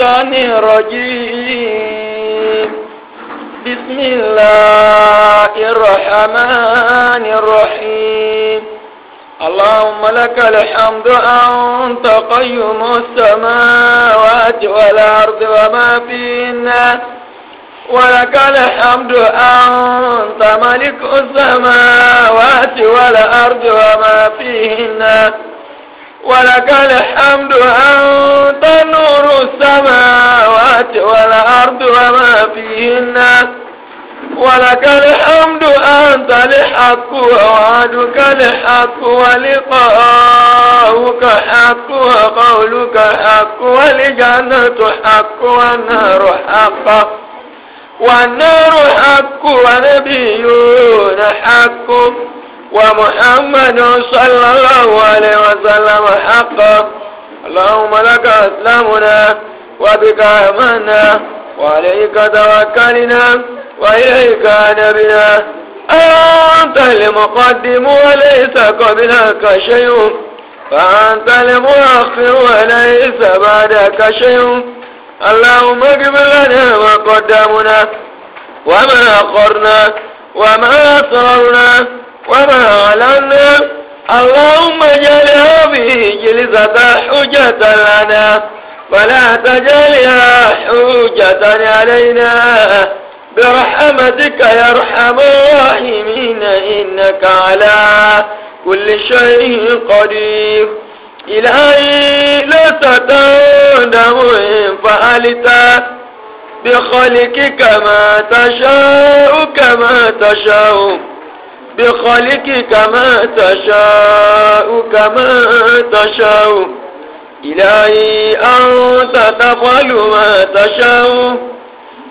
الشيطان الرجيم بسم الله الرحمن الرحيم اللهم لك الحمد أنت قيم السماوات والأرض وما فينا ولك الحمد أنت ملك السماوات والأرض وما فيهن ولك الحمد أنت نور السماوات والأرض وما فيهن ولك الحمد أنت الحق ووعدك الحق ولقاؤك حق وقولك حق والجنة حق والنار حق والنار حق ونبيون حق ومحمد صلى الله عليه وسلم حقا اللهم لك أسلمنا وبك آمنا وعليك توكلنا وإليك نبينا أنت المقدم وليس قبلك شيء فأنت المؤخر وليس بعدك شيء اللهم اقبل لنا ما قدمنا وما أخرنا وما أسررنا وما لنا اللهم اجعلها به جلسة حجة لنا ولا تجعلها حجة علينا برحمتك يا ارحم الراحمين انك على كل شيء قدير الهي لا تتندم ان فعلت بخلقك ما تشاء كما تشاء بخلقك كما تشاء كما تشاء إلهي أنت تفعل ما تشاء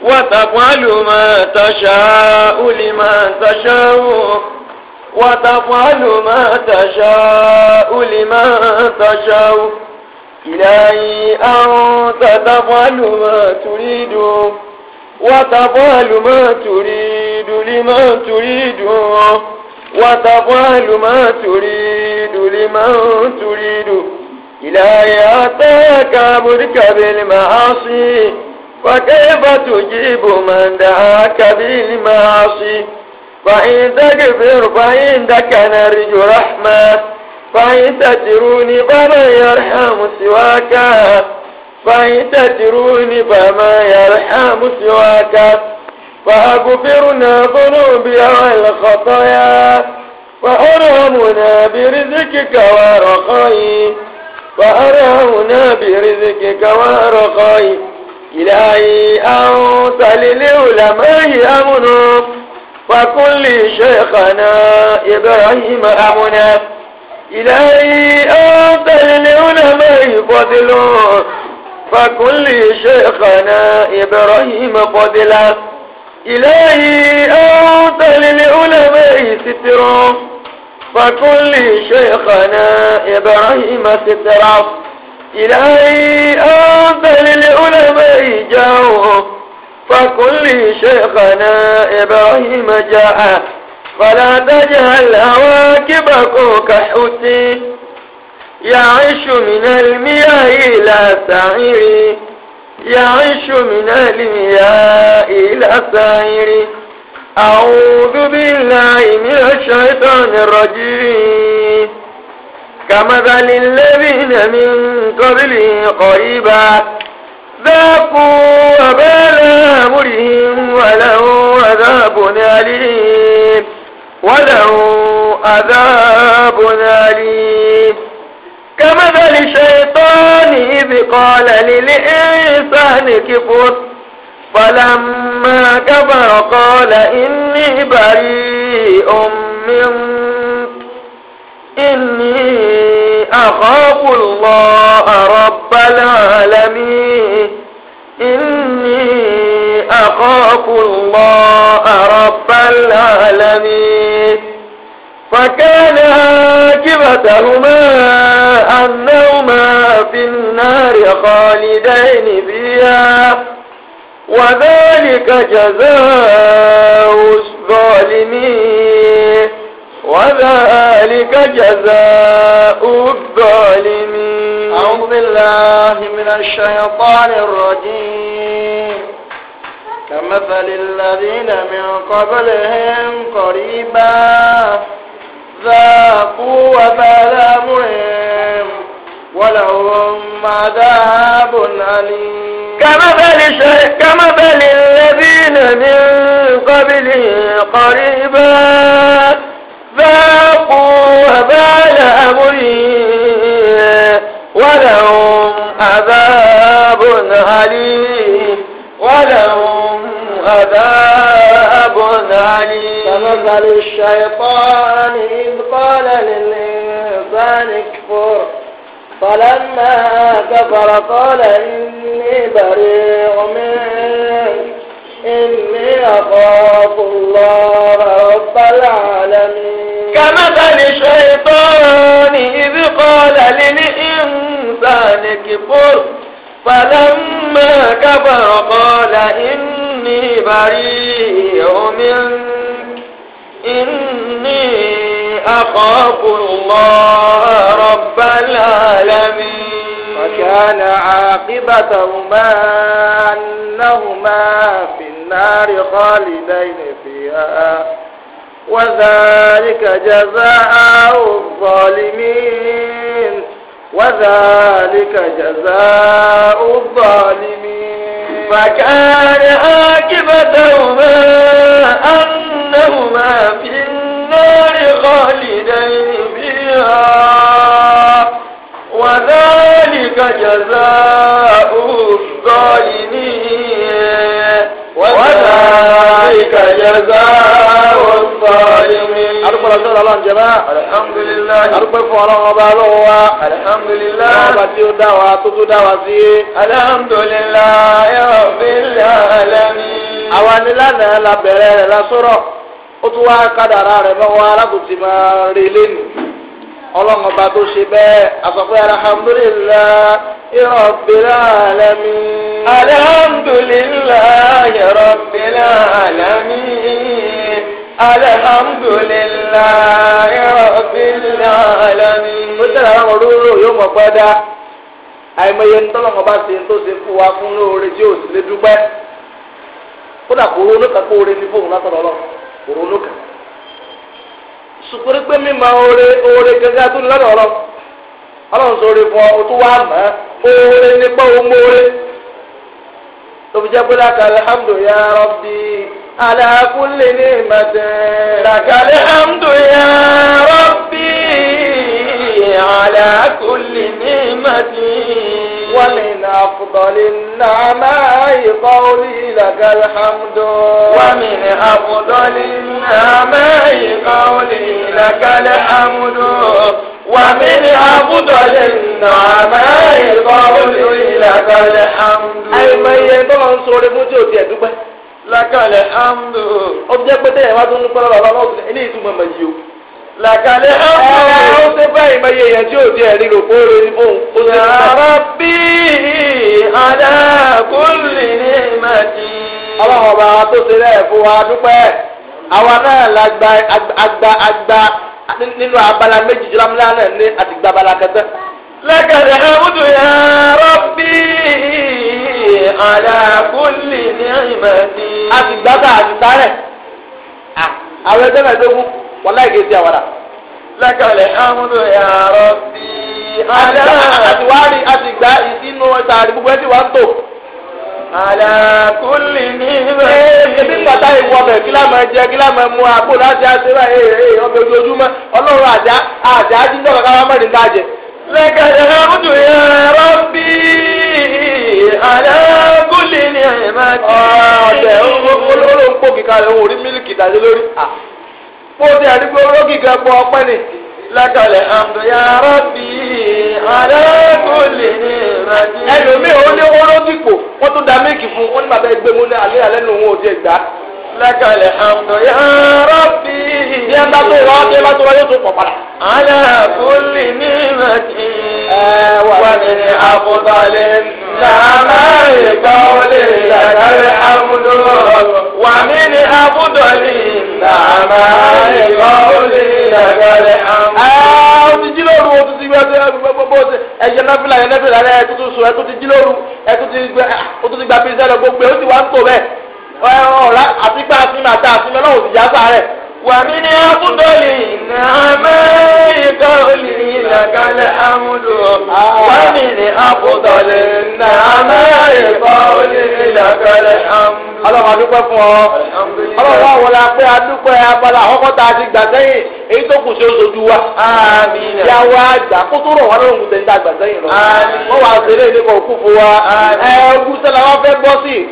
وتفعل ما تشاء لما تشاء وتفعل ما تشاء لما تشاء إلهي أنت تفعل ما تريد وتفعل ما تريد لمن تريد وتفعل ما تريد لمن تريد إلهي أتاك أمرك بالمعاصي فكيف تجيب من دعاك بالمعاصي فإن تكفر فإنك نرج رحمة فإن تتروني فمن يرحم سواك فإن تتروني فما يرحم سواك فأغفرنا ذنوبي والخطايا وأرهمنا برزقك ورخائي وأرهمنا برزقك ورخائي إلهي أنت للعلماء أمن وكل شيخنا إبراهيم أمنا إلهي أنت للعلماء فضل فكل شيخنا إبراهيم فضلا إلهي أنت للعلماء سترا فكل شيخنا إبراهيم سترا إلهي أنت للعلماء جاه فكل شيخنا إبراهيم جاء فلا تجهل هواكبك كحسين يعيش من المياه إلى سعير يعيش من المياه إلى سعير أعوذ بالله من الشيطان الرجيم كمثل الذين من قبل قريبا ذاقوا وبال أمرهم وله عذاب أليم وله عذاب أليم كمثل شيطان إذ قال للإنسان كفر فلما كفر قال إني بريء منك إني أخاف الله رب العالمين إني أخاف الله رب العالمين فكان عاقبتهما أنهما في النار خالدين فيها وذلك جزاء الظالمين وذلك جزاء الظالمين أعوذ بالله من الشيطان الرجيم كمثل الذين من قبلهم قريباً ذاقوا وبال أمرهم ولهم عذاب أليم كمثل شيء كمثل الذين من قبلهم قريبا ذاقوا وبال أمرهم ولهم عذاب أليم عمل الشيطان إذ قال للإنسان اكفر فلما كفر قال إني بريء منك إني أخاف الله رب العالمين كمثل الشيطان إذ قال للإنسان اكفر فلما كفر قال إني بريء منك إني أخاف الله رب العالمين وكان عاقبتهما أنهما في النار خالدين فيها وذلك جزاء الظالمين وذلك جزاء الظالمين فكان عاقبتهما أن فكلاهما في النار خالدين فيها وذلك جزاء الظالمين وذلك جزاء الظالمين arúgbó lọ́sọ̀ lọ́la ń jẹba. alihamudulilayi. arúgbó fún ọlọ́run ọba lọ́wọ́ wa. alihamudulilayi. ọba tí ó dá wa tó tó dá wa sí. alihamudulilayi rabbil alamin. àwa ni lánàá la bẹ̀rẹ̀ rẹ̀ la sọ̀rọ̀ ó tún wá kádàrá rẹ̀ mọ́ wá alágùntì máa rí lẹ́nu ọlọ́run ọba tó ṣe bẹ́ẹ̀ àsọpẹ́ alhamdulillahi rabbil alamin. alhamdulillahi rabbil alamin. alhamdulillahi rabbil alamin. ó jẹ́ra àwọn olóró yóò mọ̀ pẹ́ dá àìmọye ńlọ́run ọba ṣe tó ṣe fún wa fún lóore tí ò sì lè dúpẹ́ kódà kó ronú kan ore ní fóun látọ̀dọ̀ ọlọ́run. ronú sukuri pé mi ma oore oore gẹ́gẹ́ tó lọ́dọ̀ ọlọ Ọlọ́run sọ oore fún ọ o tún wá mọ oore nípa òun rabbi ala laka أفضل النعماء قولي لك الحمد ومن أفضل النعماء قولي لك الحمد ومن أفضل النعماء قولي لك الحمد àìmọye tó ń sọ̀rọ̀ fún tí o tiẹ̀ dúpẹ́. لك الحمد. ó jẹ́ pé tẹ́yẹ̀ wá tó ń dúpẹ́ lọ́wọ́ ọlọ́run làkàlẹ́ ọ̀hún. ó ṣe báyìí máa yẹ èèyàn tí ò di ẹ̀rí rò kó rẹ ní fóun. ó ṣe báyìí. yàrá bí àdá kò lè ní màdì. ọlọ́run ọba tó ṣe rẹ̀ fún wa dúpẹ́ àwa náà la gba agba agba nínú abala méjì jùlámúlá náà ní àtìgbà abala kẹtẹ. lẹ́kẹ̀rẹ̀ ọ̀hún yàrá bí àdá kò lè ní màdì. àtìgbà tá a ti sáré àwọn ẹgbẹ́ mẹ́ẹ̀ẹ́dógún. wàláì kìí ṣe àwàdà. lẹ́kẹ̀lẹ̀ amúlò ẹ̀rọ sí i. àtiwárí àtìgbà ìdínú gbogbo ti ń tò. àlàkùnlé ní ìrẹsì. ebi pàtà ìwọ bẹ̀ kí lámà jẹ kí lámà mu àpò láti àṣẹ báyìí èèyàn ọbẹ̀ ojoojúmọ́ àjá àjá a jẹ. lẹ́kẹ̀lẹ̀ amúlò ẹ̀rọ sí i. àlàkùnlé ní bó ti àdúgbò rókì kan gbọ́ ni lákàlẹ̀ àmdò ya rábì alákòlè ní ìrajì. ẹlòmíì ó ní tún da méjì fún un ní bàbá ẹgbẹ́ mú ní alẹ́ alẹ́ nù wọn ò jẹ gbà lákàlẹ̀ àmì yà rọ́bì. bí ẹ bá tó wá bí ẹ bá tó wá yóò tún pọ̀ padà. àlẹ́ àkúlì ní ìrántí. ẹ wà ní àbúdálẹ̀ nàmá ìgbà olè lákàlẹ̀ àmúdó. wà mí ní àbúdálẹ̀ nàmá ìgbà olè lákàlẹ̀ àmúdó. ẹ jí lóru o ti ti gbẹ ẹ jẹ náfìlà yẹn rẹ ẹ sùn ẹ jí lóru ẹ tún ti gbà ọ̀la oh, àti gbà sínú àti àsínú ọlọ́run ti yá sáré. wàmí ni akúndọ̀lì ni akúndọ̀lì ọlọ́run adúpẹ́ fún ọ. ọlọ́run adúpẹ́ abala a ti gbà sẹ́yìn èyí tó kù sí oṣooṣù wa. yà wá àgbà kó tó rọ̀ wá lọ. wọ́n wá òkú fún wa. ẹ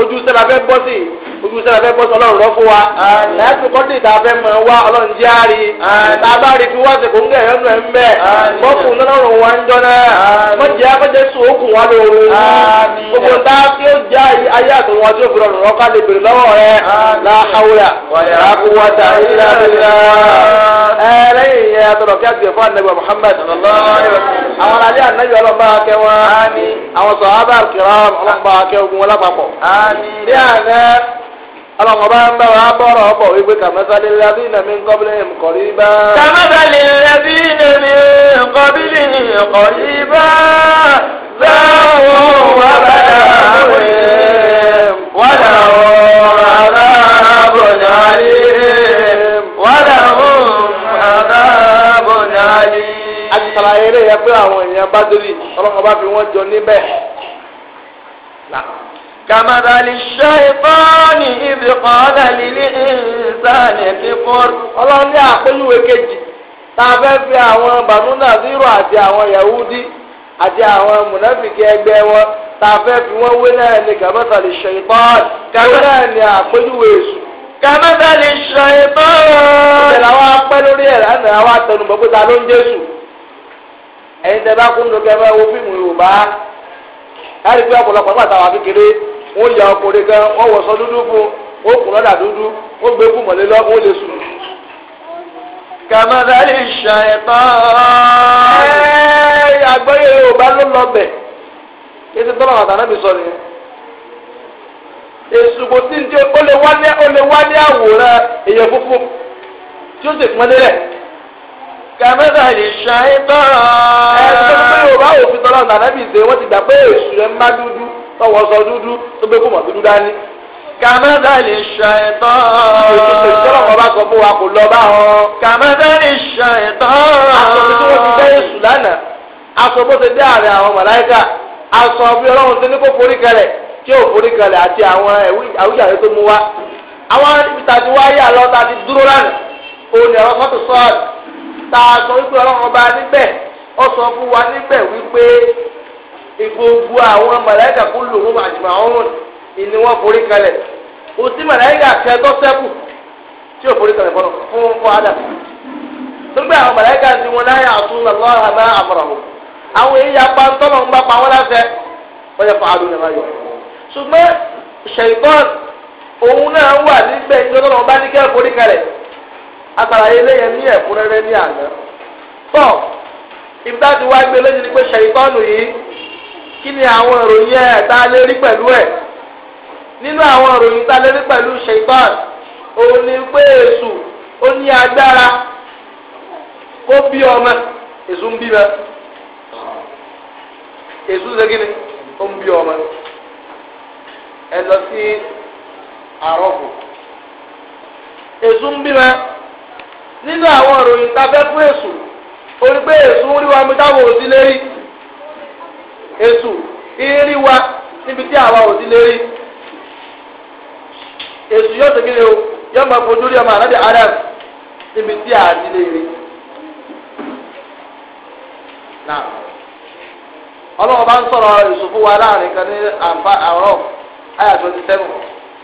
ojú sẹ́la fẹ́ bọ́ sí ojú sẹ́la fẹ́ bọ́ sí ọlọ́run rọ́ fún wa. lẹ́sìn kọ́tì tá a fẹ́ mọ̀ wá ọlọ́run jẹ́ àárí. tá a bá rí fi wọ́ọ̀sì kò ń gẹ̀ ẹ́ ń bẹ̀. mọ́kùn lọ́rùn wa ń jọ́nà. mọ́jẹ́ akọ́jẹ́ sùn okùn wa lóru. gbogbo ta kí ó já ayé àtọ̀wọ́n tí ó fi rọrùn rọ́ká lè bèrè lọ́wọ́ rẹ̀. la hawla wala quwwata lẹ́yìn tọrọ kí a tiẹ̀ fún anabi muhammad àwọn alẹ́ anabi ọlọ́mọba akẹ́ wọn àwọn sọ̀hábà kìrám ọlọ́mọba akẹ́ ogun wọn lápapọ̀. ní àná ọlọ́mọba ń bá wa bọ̀rọ̀ ọ̀pọ̀ wípé kàmẹ́sálẹ̀ lẹ́bí nàmi nkọ́bílẹ̀ nkọ̀rí bá. kàmẹ́sálẹ̀ lẹ́bí nàmi nkọ́bílẹ̀ nkọ̀rí bá. záwọ́ wàbàdà wẹ̀ wàdà wọ́ àtìsàlà eré yẹn pé àwọn èèyàn bá délé ọlọ́mọ bá fi wọ́n jọ níbẹ̀. كمثل الشيطان إذ قال للإنسان كفر ọlọ́run ní àpéjúwe kejì tá a fẹ́ fi àwọn bànú nàzírò àti àwọn yahudi àti àwọn mùnàfìkì ẹgbẹ́ wọn tá a fẹ́ fi wọ́n wé náà ní kàmẹ́tàlì ṣèyítọ́ọ̀nì kàwé náà ní àpéjúwe èṣù. kàmẹ́tàlì ṣèyítọ́ọ̀nì. ìṣẹ̀lẹ̀ àwọn apẹ́ lórí ẹ̀ ẹ̀yin tẹ́ bá kún lókè ẹ wo fíìmù yorùbá láti fi ọ̀pọ̀lọpọ̀ nígbà táwa kékeré wọ́n ya ọkùnrin kan wọ́n wọ̀sọ dúdú fún wọ́n kùn lọ́dà dúdú wọ́n gbé kú mọ̀lẹ́ lọ́ wọ́n lè sùn. kàmádàlì ṣàìtàn. ẹ àgbọ̀yé yorùbá ló lọ bẹ̀ ètò tọ́lá àtà náà mi sọ nìyẹn. èsù kò sí ní ó lè wá ní àwòrán èèyàn funfun tí ó sì pọn kàmẹ́tàlì ṣàìtàn. ẹ ṣe pé yorùbá òfin tọ́lá nàdàbí ṣe wọ́n ti gbà pé èṣù rẹ̀ ń bá dúdú tọwọ́ sọ dúdú tó gbé kùmọ̀ dúdú dání. kàmẹ́tàlì ṣàìtàn. èṣù tọ́lá kan bá sọ fún wa kò lọ bá wọn. kàmẹ́tàlì ṣàìtàn. aṣọ tí wọ́n ti dẹ́ èṣù lánàá aṣọ bó ti dé àárẹ̀ àwọn màláìkà aṣọ bí ọlọ́run ti ní kó forí kalẹ̀ tí ò forí kalẹ̀ àti àwọn àwíjàre tó mú wa. àwọn ibi tàbí wáyé àlọ́ tàbí dúró lánàá òun ni àwọn fọ́tò sọ́ọ̀tì tá a sọ wípé ọlọ́run ọba níbẹ̀ ọ sọ fún wa níbẹ̀ wípé gbogbo àwọn màláíkà kó lòrò àjùmọ̀ ọ̀hún ìní wọn forí kalẹ̀ kò sí màláíkà kẹtọ́ sẹ́kù tí ò forí kalẹ̀ fọlọ́ fún fún adam nígbà àwọn màláíkà ti wọn láyà àtún lọ́wọ́ àmà àmọ̀ràn àwọn èyí apá ńtọ́nà ń bá pa wọn láfẹ́ wọ́n yẹ fún àdúgbò náà yọ àtàrà eléyẹn ní ẹ̀kúnrẹ́rẹ́ ní àná. bọ́ ìbúdájú wá gbé lójú pé ṣèyítọ́nù yìí kí ni àwọn ìròyìn ẹ̀ tá a lè rí pẹ̀lú ẹ̀ nínú àwọn ìròyìn tá a lè rí pẹ̀lú ṣèyítọ́nù òun ni pé èṣù ó ní agbára kó bí ọmọ èṣù ń èṣù ṣe kí ni ó ń bí ọmọ ẹ lọ sí àrọ́bù èṣù ń nínú àwọn ìròyìn tá a fẹ́ fún èṣù orí pé èsù ń rí wa mi táwọn òsì èsù èṣù ń rí wa níbi tí àwa òsì rí èsù yóò tẹ̀lé o yóò máa fojú rí ọmọ ànábì adam níbi tí àti lè rí. ọlọ́wọ́ bá ń sọ̀rọ̀ èṣù fún wa láàrin kan ní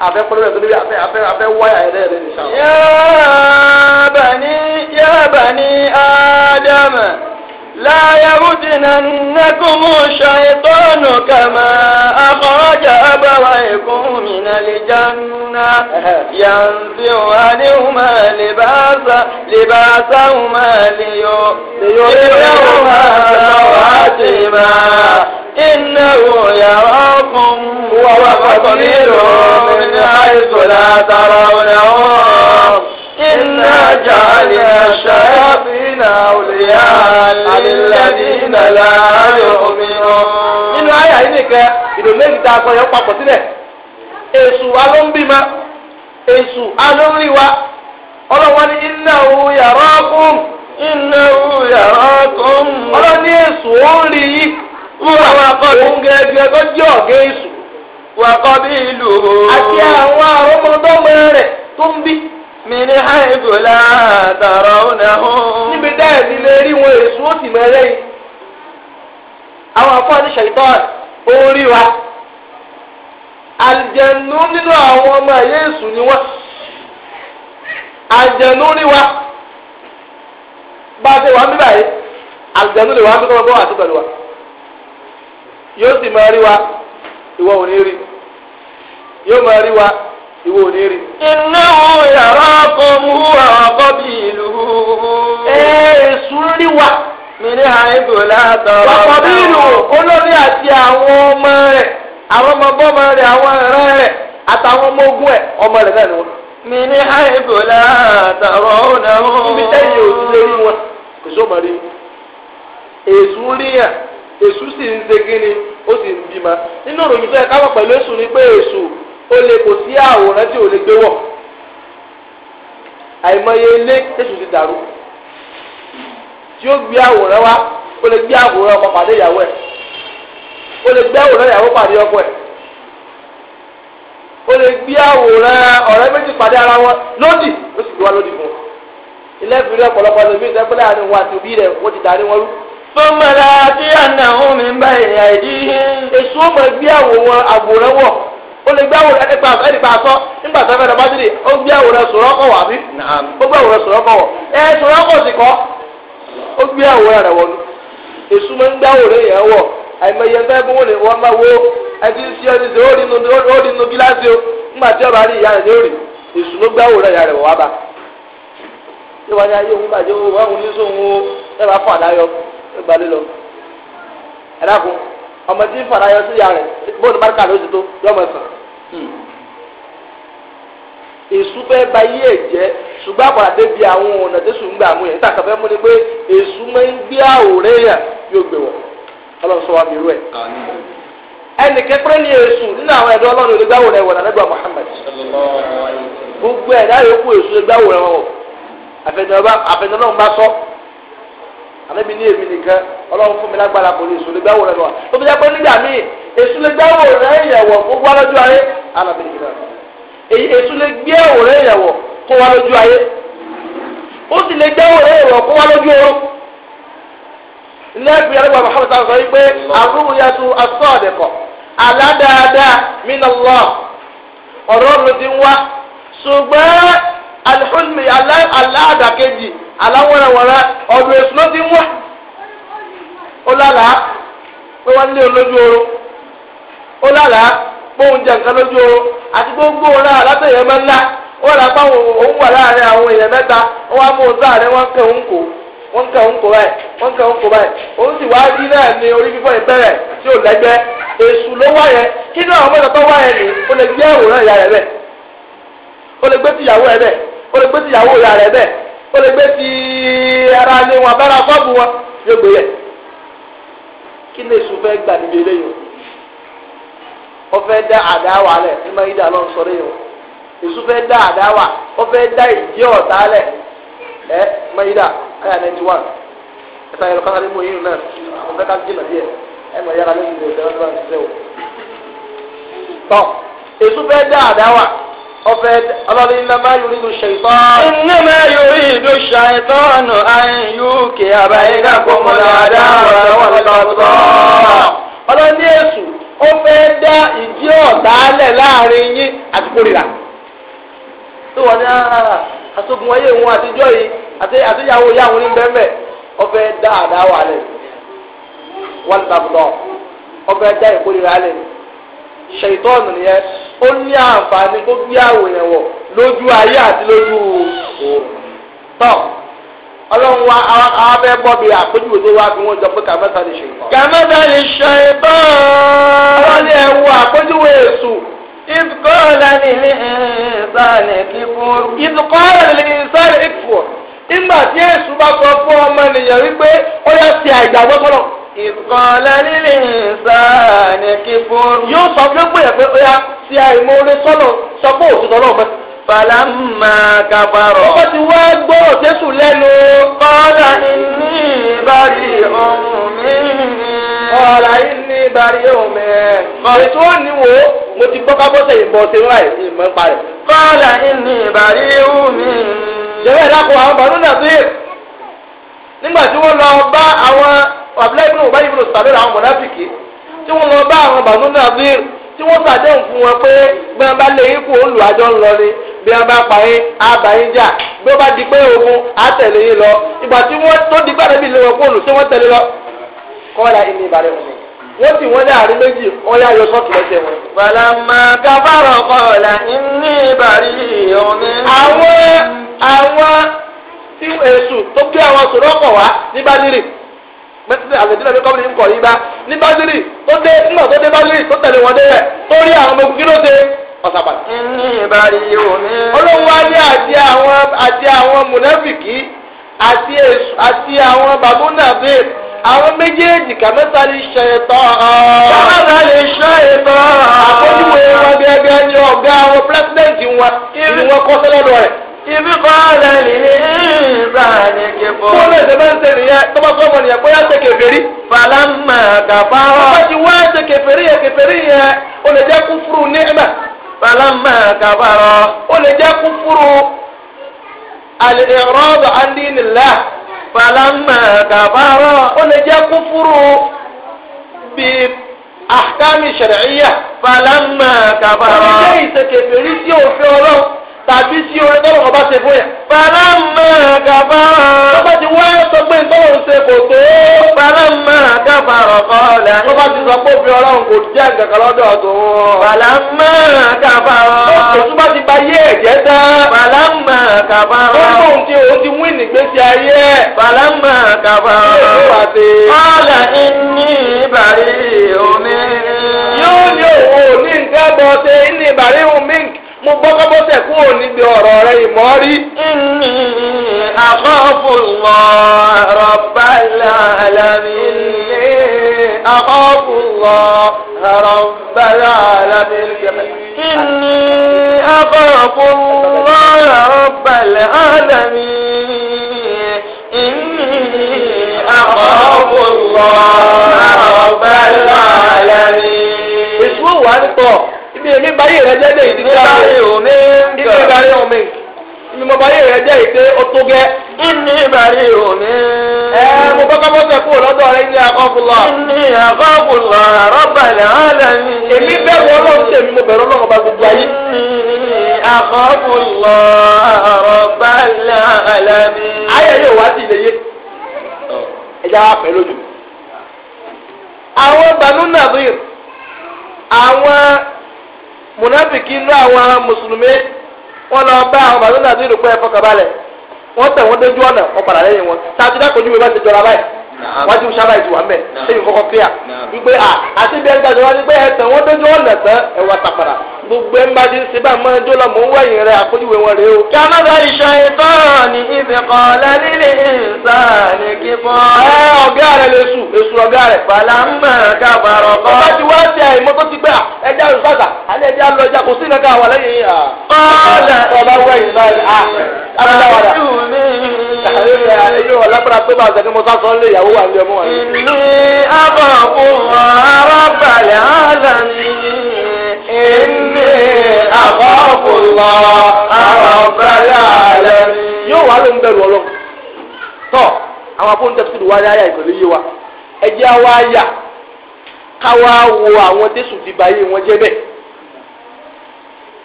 abẹ kpọlọ rẹ tó níbi abẹ abẹ abẹ wáyà yẹn lẹ́yìn lẹ́yìn bani, yabani bani adamu. لا يردننكم الشيطان كما أخرج أبويكم من الجنة ينزع عنهما لباس لباسهما ليريهما سواتهما إنه يراكم وهو بصير من حيث لا ترونه إنا جعلنا الشياطين أولياء للذين لا يؤمنون nínú ayé àyè nìkan ìdò méjì tá a sọ yẹn papọ̀ sílẹ̀ esu alóńbímọ èṣù alóńríwa ọlọ́wọ́n ní innahu yarakum innahu yarakum ọlọ́wọ́n ní èṣù ó ń rí yí wọ́n àkọ́bí òun gẹ́gẹ́ jẹ́ ọ̀gẹ́ èṣù wọ́n àkọ́bí ìlú àti àwọn àrọ́mọdọ́mọ rẹ̀ tó ń bí. mini haibu látara onahu. níbi dáhẹ̀ ti lè rí wọn èso ó sì mọ ẹlẹ́yìn. àwọn afọ́ni ṣèitán ó rí wa. àjẹnú nínú àwọn ọmọ ẹ̀yẹ èṣù ni wọ́n. àjẹnú rí wa. bá a ṣe wà ń bí àjẹnú lè wà ń bí bọ́ àti pẹ̀lú wa. yóò sì máa rí wa ìwọ ò ní rí yóò máa rí wa. ìwọ ò ní rí. iná yàrá kan mú àkọ́ bí wa. mi ní àìbò látọ̀rọ̀. atọrọ ọrụ ìlú olórí àti àwọn ọmọ rẹ̀ ọmọ rẹ awọn àwọn rẹ rẹ̀ ọmọ ogun ẹ̀ ọmọ rẹ̀ náà ni wọ́n. mi ní àìbò látọ̀rọ̀ ibi wọn ṣe o le kò sí àwòrán tí o lè gbé wọ̀ àìmọye ilé tẹ̀sùn ti dàrú tí ó gbé àwòrán wá ó lè gbé àwòrán ọkọ pàdé ìyàwó ẹ̀ ó lè gbé àwòrán ìyàwó pàdé ọkọ lè gbé àwòrán ọ̀rẹ́ méjì pàdé ara wọn lódì sì gbé lódì fún un ilé ìfìrí ọ̀pọ̀lọpọ̀ lómi ìsẹ́pẹ́ láàrin wọn àti òbí rẹ̀ wọ́n ti dàrí wọn rú. fọmọlá tí àná òun mi ń bá ìrìn àìdí. èso mọ̀ gbé ó lè gbé àwòrán ẹni pa ẹni pa sọ nígbà tó fẹ́rẹ̀ bájú ni ó gbé àwòrán sòrọ́kọ̀ wà bí ó gbé àwòrán sòrọ́kọ̀ wọ̀ ẹ sòrọ́kọ̀ sì kọ́ ó gbé àwòrán rẹ̀ wọ̀lú èṣù máa ń gbé àwòrán yẹn wọ̀ àìmọye ẹgbẹ́ ẹgbẹ́ wọn ni wọ́n máa wo ẹbí sí ọdún sí ó rí inú gíláàsì o nígbà tí ọba rí ìyá rẹ̀ ní òrì Hmm. èṣù fẹ́ ba yí ẹ̀ jẹ́ ṣùgbọ́n àpàdé bíi àwọn ọ̀nà tó yẹn mú ni pé èṣù máa ń gbé àwòrán yẹn yóò gbé wọ̀ ọlọ́run sọ wa mi rú ẹ̀. ẹnì ni èṣù nínú àwọn ẹ̀dọ́ ọlọ́run olè gbáwò rẹ̀ wọ̀ nàdẹ́gbà Muhammad gbogbo ẹ̀dá gbáwò rẹ̀ wọ̀ bá sọ ní èmi nìkan ọlọ́run fún mi alábẹ́rẹ́ ìlà èyí èso lè gbé òré ìyàwó kó wá lójú ayé ó sì lè gbé òré ìyàwó kó wá lójú oorun lẹ́gbẹ̀ẹ́ alẹ́gbẹ̀ẹ́ Muhammad sọ wípé àbúrò yàtú asọ́ọ̀dẹ̀kọ̀ aládáadáa minallah ọ̀rọ̀ ló ti ń wá ṣùgbọ́n ala aláàdàkejì aláwọ̀rẹ̀wọ̀rẹ̀ ọ̀dọ̀ èso ló ti ń wá ó lálàá pé wọ́n lé olójú ó lálàá. bóun jẹ nǹkan lójú o àti gbogbo ọ̀la alátẹ̀yẹ máa ń lá wọ́n là pa òun wà láàrin àwọn èèyàn mẹ́ta wọ́n á mú un sáàrin wọ́n kẹ́ òun kò wọ́n kẹ́ òun kò báyìí wọ́n kẹ́ òun kò báyìí òun sì wáá náà ní orí fífọ́ ìbẹ̀rẹ̀ ò lẹ́gbẹ́ èṣù ló wá yẹn kí ní àwọn wá yẹn ni ó lè gbé ìyá rẹ̀ bẹ́ẹ̀ lè gbé ìyá rẹ̀ bẹ́ẹ̀ lè gbé ti ara ní wọn abẹ́rẹ́ wọn yóò gbé kí ní ọfẹ dá àdáwà lẹ ní lọ sọrọ yìí o èso fẹ dá àdáwà ọfẹ dá lẹ ẹ ayà ẹsẹ ayẹlẹ kankan yìí ọfẹ ká jìnnà o. tọ èso fẹ dá àdáwà ọfẹ ọlọ́dún iná máa yọrí lu ṣèyítọ́. iná máa yọrí lu ṣèyítọ́ nù ayé uk àbáyé ká kó lọ́wọ́ lọ́wọ́ èsù. ó fẹ́ dá ìdí ọ̀tálẹ̀ láàrin yín àti kórìíra. tó wà ní aṣogun ah, ah, ah, ayé wọn àtijọ́ yìí àtijọ́ ìyá wọn ní bẹ́ẹ̀mẹ̀ ó fẹ́ dá àdáwà lẹ̀ wọ́n bá bọ̀ ó fẹ́ dá ìkórìíra lẹ̀ ṣèyítọ́ọ̀nù nìyẹn ó ní àǹfààní tó gbé àwòyẹ̀wọ̀ lójú ayé àti lójú òòrùn ọlọ́run wa àwọn abẹ́ bọ́ bi àpéjúwe tó wá fi wọ́n jọ pé kàmẹ́ta lè ṣe ìbọn. kàmẹ́ta lè ṣe ìbọn. wọ́n lè wo àpéjúwe èṣù. ìfikọ́lá ni lè sáré kíkúrú. ìfikọ́lá ni lè sáré kíkúrú. ìgbà tí èṣù bá sọ fún ọmọ ènìyàn wípé ó yẹ ti àìgbàgbọ́ kọ́lọ̀. ìfikọ́lá ni lè sáré kíkúrú. yóò sọ fún pé ẹ̀fẹ́ ó yà ti àìmọ́ orí sọ́nà sọ pé òtítọ́ náà mẹ́ta. Falamma kabaro. Ó ti wá gbọ́ òtẹ́sù lẹ́nu. Kọ́lá ìní ìbárí ọ̀hún mi. Kọ́lá ìní ìbárí ọ̀hún mi. Ètò òní wo mo ti gbọ́ kábọ́sẹ̀ ìbọn ṣe wá ìmọ̀ ń parẹ̀. Kọ́lá ìní ìbárí ọ̀hún mi. Ṣèwé ìdáko àwọn bàbá náà sí. Nígbà tí wọ́n lọ bá àwọn Abdullahi ibn Ubayi ibn Salul àwọn mọ̀nàfìkì tí wọ́n ṣàdéhùn fún wọn pé bí wọ́n bá lé yín kú òun lù àjọ ń lọ ni bí wọ́n bá pa yín àbá yín jà bí wọ́n bá di pé ogun á tẹ̀lé yín lọ ìgbà tí wọ́n tó di gbàdé bí lè wọ́n kó olùsọ wọ́n tẹ̀lé lọ. kọ́ńdà ìní ìbàdàn mi wọ́n sì wọ́n ní àárín méjì ọ̀yá ayọ̀ sọ́ọ̀tù lọ́sẹ̀ wọn. bàlámà kábàrọ̀ kọ̀ọ̀là ní ìbàrí òní. àwọn àwọn tí èṣù tó gbé àwọn sòrọ́kọ̀ wá ní bá nílì mẹsìlẹ àgbẹjìlẹ mi kọ́mìnì ń kọ̀ yín bá ní bázírì tó dé ńgbà tó dé bázírì tó tẹ̀lé wọn délẹ̀ tó rí àwọn ọmọ ogun kí ló dé ọ̀sàpà. ní ìbárí omi. olówó ayé àti àwọn àti àwọn mùnàfìkì àti àti àwọn bàbúnàbí àwọn méjèèjì kàmẹ́ta lè ṣe ìtọ́. kàmẹ́ta lè ṣe ìtọ́. àkójúwe wọn gẹ́gẹ́ ni ọ̀gá àwọn pírẹsidẹ́ǹtì wọn ni wọn kọ́ sẹ́lẹ̀ rẹ̀ ibi kọ́lẹ̀ lílé ìgbà ni kébò. kó lè ṣe bá ń ṣe nìyẹn tó bá fọmọ nìyẹn bóyá ṣe kèfèrí. falama kàfá. wọ́n ti wá ṣe kèfèrí yẹn kèfèrí yẹn o lè jẹ́ kúfúrú ní ẹ̀mà. falama kàfá rọ. o lè jẹ́ kúfúrú al-i'rad an dinillah. falama kàfá rọ. o lè jẹ́ kúfúrú bíi ahkami shar'iyya. falama kàfá rọ. o lè tàbí sí orin tọ́lọ̀ ọba ṣe fún yà. bàrà máa kàfà. tọ́ba ti wá sọ pé tọ́lọ̀ ń ṣe kò tó. bàrà máa kàfà ọ̀kọ́ ọ̀la. tọ́ba ti sọ pé òfin ọlọ́run kò jẹ́ nǹkan lọ́dọ̀ ọ̀tún. bàrà máa kàfà ọ̀. òtún bá ti ba yé ẹ̀jẹ̀ tán. bàrà máa kàfà ọ̀. ó ti òun ti wín nígbésí ayé ẹ̀. bàrà máa kàfà ọ̀. ọ̀la ìní ìbàrí òní. yóò ìní ìbàrí mo bọ́kọ́ bọ́sẹ̀ kú òní bí ọ̀rọ̀ rẹ ìmọ̀ rí. inni akhafu Allah rabbal alamin. inni akhafu Allah rabbal alamin. inni akhafu Allah rabbal alamin. inni akhafu Allah rabbal èso wà ń tọ̀. ibi èmi báyé rẹ jẹ́ lè ti ká ibi ìbáyé omi ibi mo báyé omi. mo sẹ́ lọ́dọ̀ rẹ ní akọ́kùnlá. akọ́kùnlá èmi wọ́n sí èmi mo bá gbogbo ayé. munafiki inú àwọn mùsùlùmí wọn lọ bá àwọn bàbá náà nínú pé ẹfọkàbalẹ̀ wọn tẹ wọn dójú ọ̀nà wọn padà lẹ́yìn wọn tàbí dákòjú mi bá ti jọra báyìí wọn ti sábà ìtura mẹ ṣé ìfọkọ kíá wípé à àti bí ẹgbẹ́ àti wọn ti pé ẹ tẹ wọn dójú ọ̀nà tẹ ẹwà tàpàdà gbogbo ẹ̀ ń bá ti ń ṣe bá máa ń jó lọ mò ń wẹ̀yìn rẹ̀ àpèjúwe wọn rèé o. kàmọ́tà ìṣàìtàn ìfikànlẹ̀ líle ìsàn kíkọ́. ẹ ọ̀gá rẹ̀ lè sùn èsù ọ̀gá rẹ̀. bàlámà kábàárọ̀ kọ́. ọba ti wá ṣe àìmọ́ tó ti gbà ẹja ìfàgà alẹ́ ẹja lọ ẹja kò sí iná ká wà lẹ́yìn yìí. kọ́ọ̀lá ọba wẹ̀yìn náà ni a ẹyọ ọlápàá tó bá àṣẹ ni mo àbọ̀fù lọ àwọn ọ̀bẹ̀rẹ̀ àlẹ́. yóò wá ló ń bẹ̀rù ọlọ́run tọ́ àwọn wá yé wa ẹjẹ́ wa yà káwa wo àwọn jésù dìbà yìí wọ́n jẹ́ bẹ́ẹ̀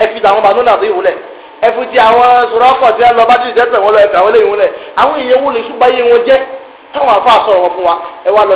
ẹ fi àwọn bàánú ẹ fi ti àwọn sọ̀rọ̀kọ̀ tí wọ́n lọ bá wọ́n lọ ẹ̀fẹ̀ àwọn àwọn èèyàn jẹ́ táwọn afọ àsọ̀rọ̀ wọn fún wa ẹ wá lọ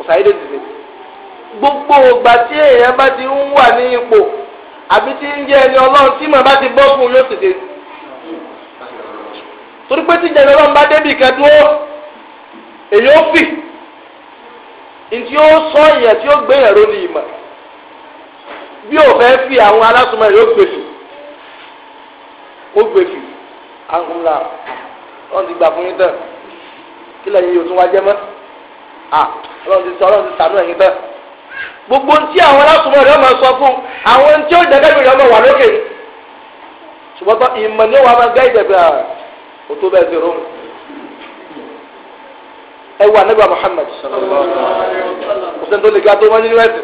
kò sáyé lè gbogbo ògbà tí èèyàn bá ti ń wà ní ipò àbí tí ń jẹ ẹni ọlọ́run ti bọ́ fún un yóò tètè torí pé tí ìjẹni ọlọ́run bá débì kan èyí ó fì ntí ó sọ ìyẹn tí ó gbé yẹn fi àwọn alásùnmọ̀ yóò gbé fì ó gbé fì àgùnlà wọn ti gbà fún yín Ah, ọlọ́run ti sọ ọlọ́run ti sànú ẹ̀yin bẹ́ẹ̀ gbogbo ntí àwọn alásùnmọ̀ rẹ̀ máa sọ fún àwọn ntí ó dẹ́gẹ́ mi rẹ̀ máa wà lókè ṣùgbọ́n ìmọ̀ ní wàá máa gá ìdẹ̀gbẹ̀ ò tó bẹ́ẹ̀ zero ẹ wà nígbà Muhammad ọ̀sẹ̀ tó lè ga tó wọ́n ní yunifásitì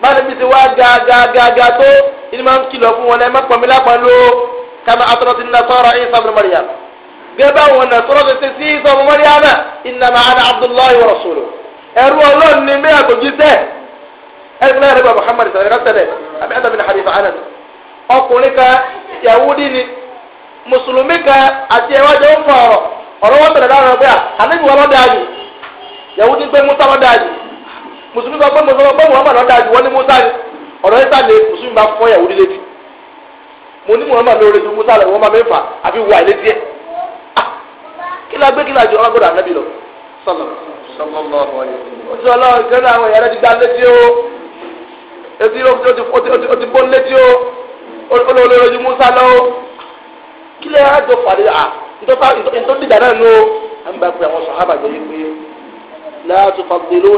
báyìí níbi tí wàá ga ga ga ga tó ìní máa ń kìlọ̀ fún wọn ẹ má pọ̀ mí lápá ló kàmá àtúrọ̀tì ní nasọ́rọ̀ ẹ̀ sábẹ̀ mọ́ríyàmù. gẹ́gẹ́ báwọn nàṣọ́rọ́ ṣe ṣe sí sọmọ mọ́ríyámà ana abdullahi wa rasuluhu ẹ̀rú ọlọ́run ni bẹ́ẹ̀ kò jí sẹ́ ẹ̀sìn náà rẹ̀ muhammad sallallahu alaihi wasallam àbí ẹ̀dàbí ní hadith anas ọkùnrin kan yahudi ni mùsùlùmí kan musa b'a muhammad wani musa musa kí la gbé kí la jọ ọlọ́gbọ́dọ̀ ànábì lọ sọlọ. o ti sọlọ ìkànnì àwọn èèyàn rẹ ti gbá létí o etí o ti bó létí o olóòlóòrò ju musa lọ o kí lè yàrá jọ fàdé à ntọ́ dìgbà náà nù o à ń bá pè àwọn sọ̀hábà jẹ́ yín pé láàtú fàgbéló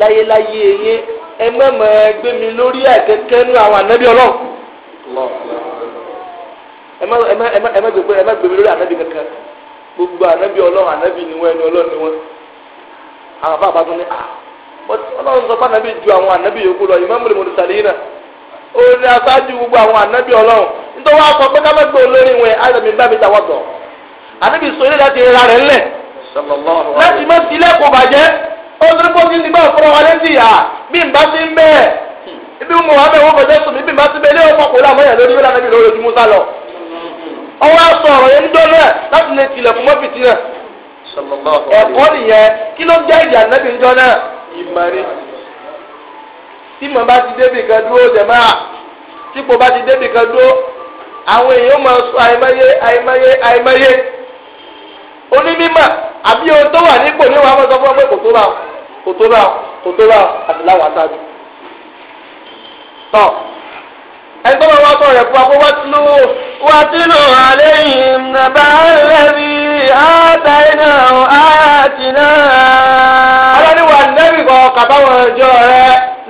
láyéláyé yín ẹ mẹ́mọ́ gbé mi lórí ẹ̀ kẹ́kẹ́ àwọn ànábì ọlọ́run. eme má ẹ má ẹ má gbẹgbẹ lórí ànábì kankan gbogbo ànábì ọlọ́run ànábì ni wọn ẹni ọlọ́run ni wọn àwọn afáàbá ah ọlọ́run sọ fún ànábì ju àwọn yòókù lọ ìmọ̀mùlẹ̀ mọ̀lẹ́sàlẹ̀ náà ó ní gbogbo àwọn nítorí wọn sọ pé ká olórin wọn bá mi tọ̀ sọ láti ra rẹ̀ ńlẹ̀ láti bàjẹ́ ó ní n n ọwọ́ sọ ọ̀rọ̀ yẹn níjọ́ náà láti lè tilẹ̀kùn mọ́ fìtí náà. ẹ̀kọ́ nìyẹn kí ló jẹ́ ìjà nẹ́bí níjọ́ náà ìmọ̀ tí mo bá ti débì kan dúró jẹ̀mọ́ tí mo bá ti débì kan dúró àwọn èèyàn máa sọ àìmọye àìmọye àìmọye onímọ̀ àbí ohun tó wà nípò ní wàá sọ fún ọ kò tó bá kò tó bá kò ẹgbẹ́ wọn wá tọrọ fún akó wátìlú wátìlú àléyìn nàbà lẹ́bi àtàyínà àtìná. ọlọ́ni wà nẹ́bì kọ́ kàbáwọn ọjọ́ rẹ̀.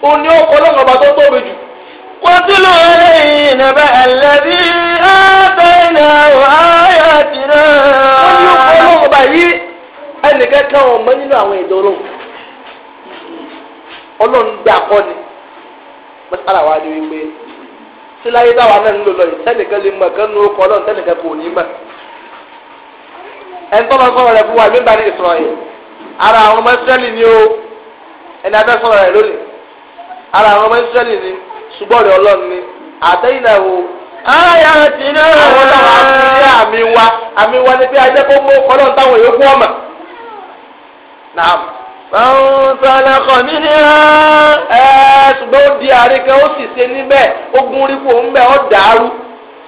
o n'i ọba tó tóbi jù. واتل عليه نبأ الذي آتيناه آياتنا wọ́n ní ọlọ́run ọba yìí ẹnìkan kan mọ nínú àwọn ọlọ́run mọ́sálà wa ni wípé síláyé náà ń lò lọ yìí lè mọ ẹ̀kan nu orúkọ ọlọ́run sẹ́nìkan kò ní mọ̀ ẹ̀ ń tọ́lọ sọ̀rọ̀ fún wa ní ìsọ̀rọ̀ yìí ara ni ó abẹ́ sọ̀rọ̀ ara àwọn ọmọ israẹli ni ṣùgbọ́n rẹ̀ ọlọ́run ni àtẹ́yìn náà wò. ayà ti náà. àwọn táwọn àti ilé àmì wa àmì wa ni pé ajẹ́ kó mú ọlọ́run táwọn yòókù ọmọ. naam. fàǹfààní kan ní ní rán. ẹ ṣùgbọ́n ó di àríkẹ́ ó sì ṣe níbẹ̀ ó gún rí kò ń bẹ̀ ó dàrú.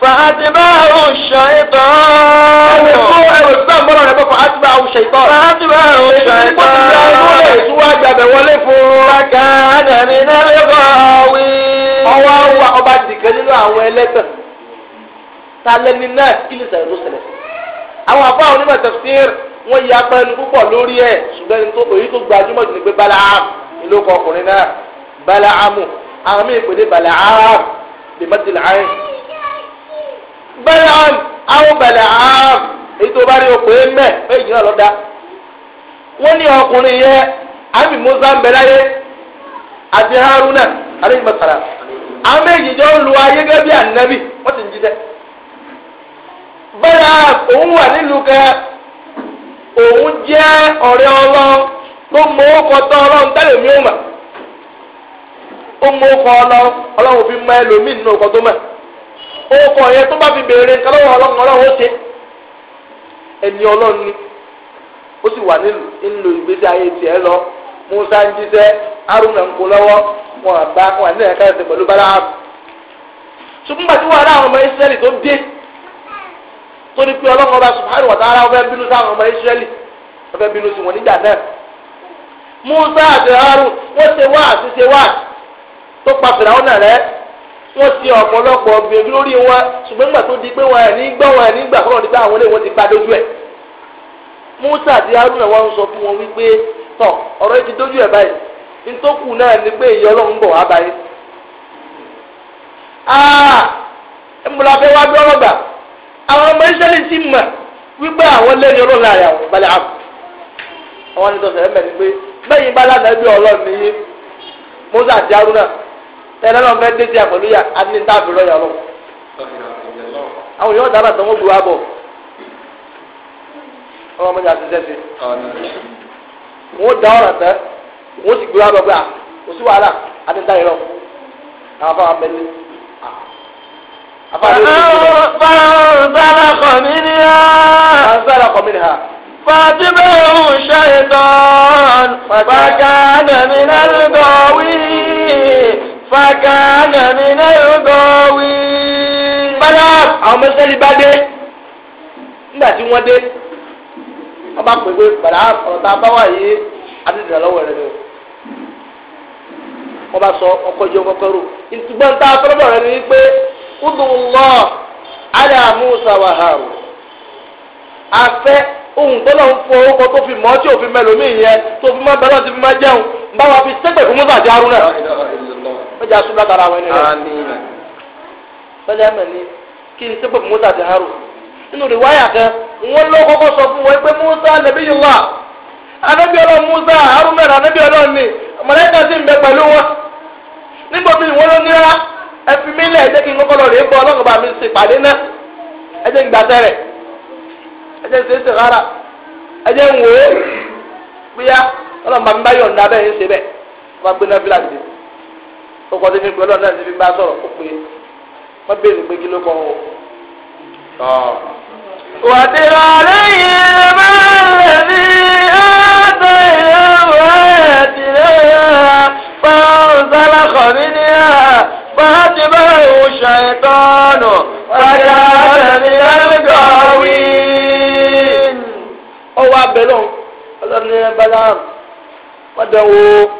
فأتبعه الشيطان الإسلام مرة نبقى فأتبعه الشيطان فأتبعه الشيطان فكان من الغاوين ọwọ́ wa ọba dìkan nínú àwọn ẹlẹ́tàn ta lẹni náà kí lè sàrò ṣẹlẹ̀ àwọn afọ àwọn onímọ̀ tafsir wọ́n ya pẹ́ẹ́nu púpọ̀ lórí ẹ̀ ṣùgbọ́n èyí tó gbajúmọ̀ jù ní pé Balaam ìlú ọkọ̀ ọkùnrin náà Balaamu àwọn míì pè ní Balaam bèmọ́tìlá ayé àwọn bẹ̀rẹ̀ etobari èyí tó bá rí òpè mẹ́ méjì náà lọ́dá wọ́n ní ọkùnrin yẹn àmì musa ń àti haruna aleyhi masala àwọn méjì lu ayé gẹ́gẹ́ bí ànábì wọ́n ti ń jíṣẹ́ bẹ́ẹ̀ òun wà kẹ òun tó fi nínú tó ma. orúkọ yẹn tó bá fi béèrè nǹkan lọ́wọ́ ọlọ́run ọlọ́run ó ṣe ẹni ọlọ́run ni ó sì wà nílò ìgbésí ayé lọ Musa ń jíṣẹ́ Haruna ń kó lọ́wọ́ wọn àbá wọn àti ẹ̀ka ẹ̀sẹ̀ pẹ̀lú Balaam ṣùgbọ́n bàtí wọ́n ará àwọn ọmọ Israẹli tó dé tó ní pé ọlọ́run ọba ọbẹ̀ bínú sáwọn ọmọ Israẹli ọbẹ̀ bínú Musa àti wọ́n ṣe ṣe tó pa fìlà wọ́n ti ọ̀pọ̀lọpọ̀ obìnrin lórí wọn ṣùgbọ́n nígbà tó di pé wọn ẹ̀ ní gbọ́ wọn ẹ̀ ní gbà kọ́ nígbà àwọn eléwọ́n ti pa dójú ẹ̀. Musa àti Haruna wọn sọ fún wọn wípé tọ ọ̀rọ̀ yìí ti dójú báyìí náà ni pé èyí wá báyìí. fẹ́ wá àwọn ọmọ ti mọ̀ wípé àwọn lẹ́ni ọlọ́run láàyè àwọn balẹ̀ àwọn tẹ́lẹ̀ lọ́wọ́ fẹ́ẹ́ dédé àpẹ̀lú yà adíníta àbúrò yà lọ́wọ́. àwọn yóò dábàá tó ń gbé wa bọ̀ ọmọ mi ní àti sẹ́sẹ́. wọ́n da ọ̀rọ̀ tẹ́ wọ́n sì gbé wa bọ̀ pé à kò sí wàhálà adíníta yìí lọ àwọn afáwọn abẹ́lé. فانسلخ منها فانسلخ منها فاتبعه الشيطان فكان من الغاوين fàkàánà mi náà yóò gbọ́ wí. bàbá àwọn ọmọ sẹ́ni bá dé nígbà tí wọ́n dé wọ́n bá pè pé bàbá ọ̀tá bá sọ ọkọ̀ jẹun kọ́kọ́ rò ìtùgbọ́n tá a fọ́lọ́bọ̀ rẹ̀ ni pé Musa a ohun tó fọ tó fi mọ́ tí òfin fi mọ́ fi jẹun báwa fi Musa mẹjọ asún látara àwọn ẹni rẹ sọjá mẹni kí n sẹpẹ Musa ti haru nínú rẹ wáyà kan wọn lọ kọ́kọ́ sọ fún wọn pé Musa nàbí yìí wà anabi Ọlọ́run anabi Ọlọ́run ni sì ń bẹ pẹ̀lú wọn nígbà ló ẹfi mi kí n kọ́kọ́ lọ rèé bọ Ọlọ́run bá mi sì pàdé náà ń sèkára ń ó kọ́ síbi pẹ̀lú ọ̀nà síbi bá sọ̀rọ̀ ó pé wọ́n béèrè pé kí ló kọ́ o. wàdìrà lẹ́yìn máa lè ní ẹ̀ẹ́dọ̀ ìyàwó ẹ̀ẹ́dìrẹ́ bá ọ̀sálà kọ̀ mí ní à bá ti bá òòṣà ìtọ́nù wàdìrà lẹ́yìn ẹ̀ẹ́dọ̀ wí. ọwọ́ abẹ́lẹ́ ọlọ́run ní ẹ bá dáhùn wọ́n dẹ̀ wò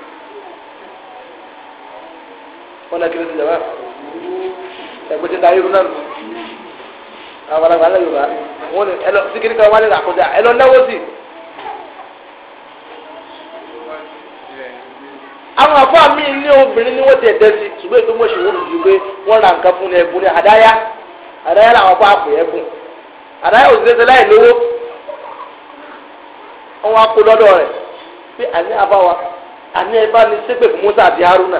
wọn lẹ́kí ló ti jàmbá ẹgbẹ́ ti da irú náà nù àwọn àgbà alẹ́ yorùbá wọn ni ẹlọ sikiri kan wálé làkúdà ẹlọ náwó sí. àwọn afọ àmì ní obìnrin ni wọ́n ti ẹ̀dẹ́ sí ṣùgbọ́n ètò mọ̀ṣẹ́ wọ́n lù ú pé wọ́n ra nǹkan fún ẹ̀bùn ní àdáyá àdáyá làwọn afọ àpò ẹ̀bùn àdáyá òṣìṣẹ́ láì lówó wọn wá kó lọ́dọ̀ rẹ̀ pé àní àbáwa àní ẹ bá ní ṣépè fún Musa àti Haruna.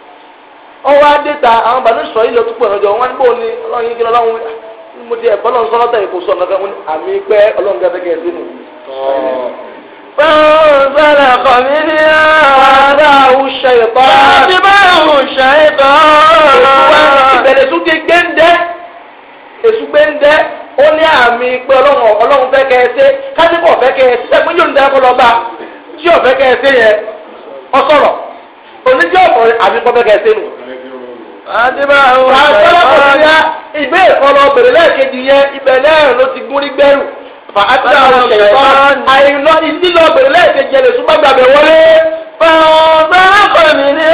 ọwọ́ adéta àwọn bàbá sọ ilé tó pọ̀ lọ́jọ́ wọn ní bóun ni ọlọ́run yìí kí lọ́wọ́ mo ti ẹ̀kọ́ lọ́n sọ́lọ́tà èkó sọ nǹkan wọn àmì pẹ́ ọlọ́run gẹ́gẹ́ gẹ́gẹ́ sínú. Bẹ́ẹ̀ kọ̀ mí ní àádá òṣè ìtọ́. Láti bá òṣè ìtọ́. Ìbẹ̀rẹ̀ tún ti gbéńdẹ́. Èṣù gbéńdẹ́. Ó ní àmì pé ọlọ́run ọlọ́run fẹ́ kẹ́ ẹ ṣe. Kásìkò fẹ́ kẹ́ ẹ ṣe. Ṣé yóò ń dá ẹkọ Tí ò fẹ́ kẹ́ ẹ ṣe yẹn, ọ sọ̀rọ̀. Oníjẹ́ ọ̀pọ̀ àmì pọ̀ fẹ́ kẹ́ ẹ ṣe nù àdébáwò àtọ́lọ́kọ̀ọ́yà ìgbé ìkọlọ bẹ̀rẹ̀ lẹ́ẹ̀kejì yẹn ibẹ̀ náà ló ti gún rí gbẹ́rù fàátìláwò ṣẹ̀tọ́n àìlọ ìdílọ bẹ̀rẹ̀ lẹ́ẹ̀kejì yẹn lè súnmọ́ gbàgbẹ́ wọlé. bàbá kọ̀mí ni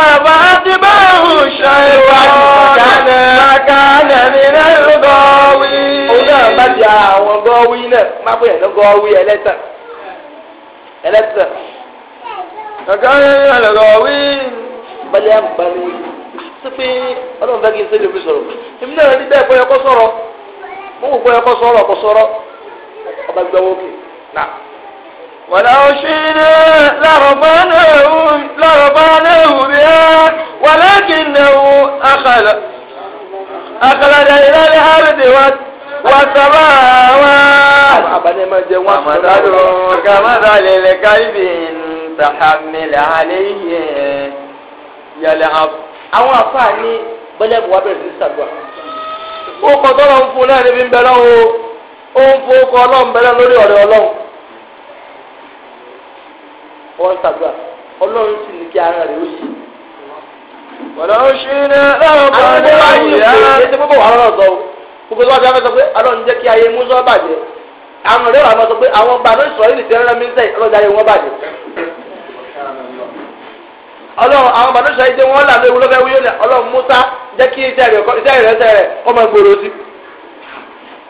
bàbá àdébáwò ṣẹ̀tọ́n kàkànà mi náà ló gọ́wí. òun náà bá di àwọn gọ́wí náà má bóyá ló gọ́wí ẹlẹ́tàn ẹlẹ́tàn. kàkànà mi náà ló gọ́wí. bẹ́lẹ̀ àgbàlẹ̀ sí pé ọlọ́run bẹ́ẹ̀ kí n sẹ́lẹ̀ mi sọ̀rọ̀ èmi náà ní bẹ́ẹ̀ kọ́yọ́ kọ́ sọ̀rọ̀ mo wò kọ́yọ́ kọ́ sọ̀rọ̀ kọ́ sọ̀rọ̀ ọba gbẹ wọ́n kì nà. wàlá òṣèré lárọ̀bánáwù bí i wàlá kì í nàwó àkàlà àkàlà dàdìlá ní wà sábà wà. àbálẹ̀ máa jẹ wọn. àmàdàlù kàmàdàlẹ̀ lẹ́ka ìbí ń tàhámẹ́lẹ̀ àlẹ́ yẹn yàlẹ́ àpò. àwọn àfáà ní sí ó kọ ń fún náà níbi ń ó ń fún lórí sì ní kí ara rẹ̀ ó yí. Bọ̀dọ̀ ń ní ọ̀pọ̀ ọdún ayé ìyá. Ètò gbogbo wàhálà náà sọ gbogbo tó wá fi àwọn sọ pé ọlọ́run jẹ́ kí ayé mú sọ́ bàjẹ́. Àwọn ọ̀rẹ́ wa máa sọ pé àwọn ìlú mi sẹ́yìn ọlọ́jà bàjẹ́. ọlọ́run àwọn bàtà sọ ìdí wọn là lóyún lọ́fẹ́ wíyọ́ lẹ̀ ọlọ́run musa jẹ́ kí iṣẹ́ rẹ̀ iṣẹ́ rẹ̀ ṣẹ́ rẹ̀ ọmọ gbòòrò sí.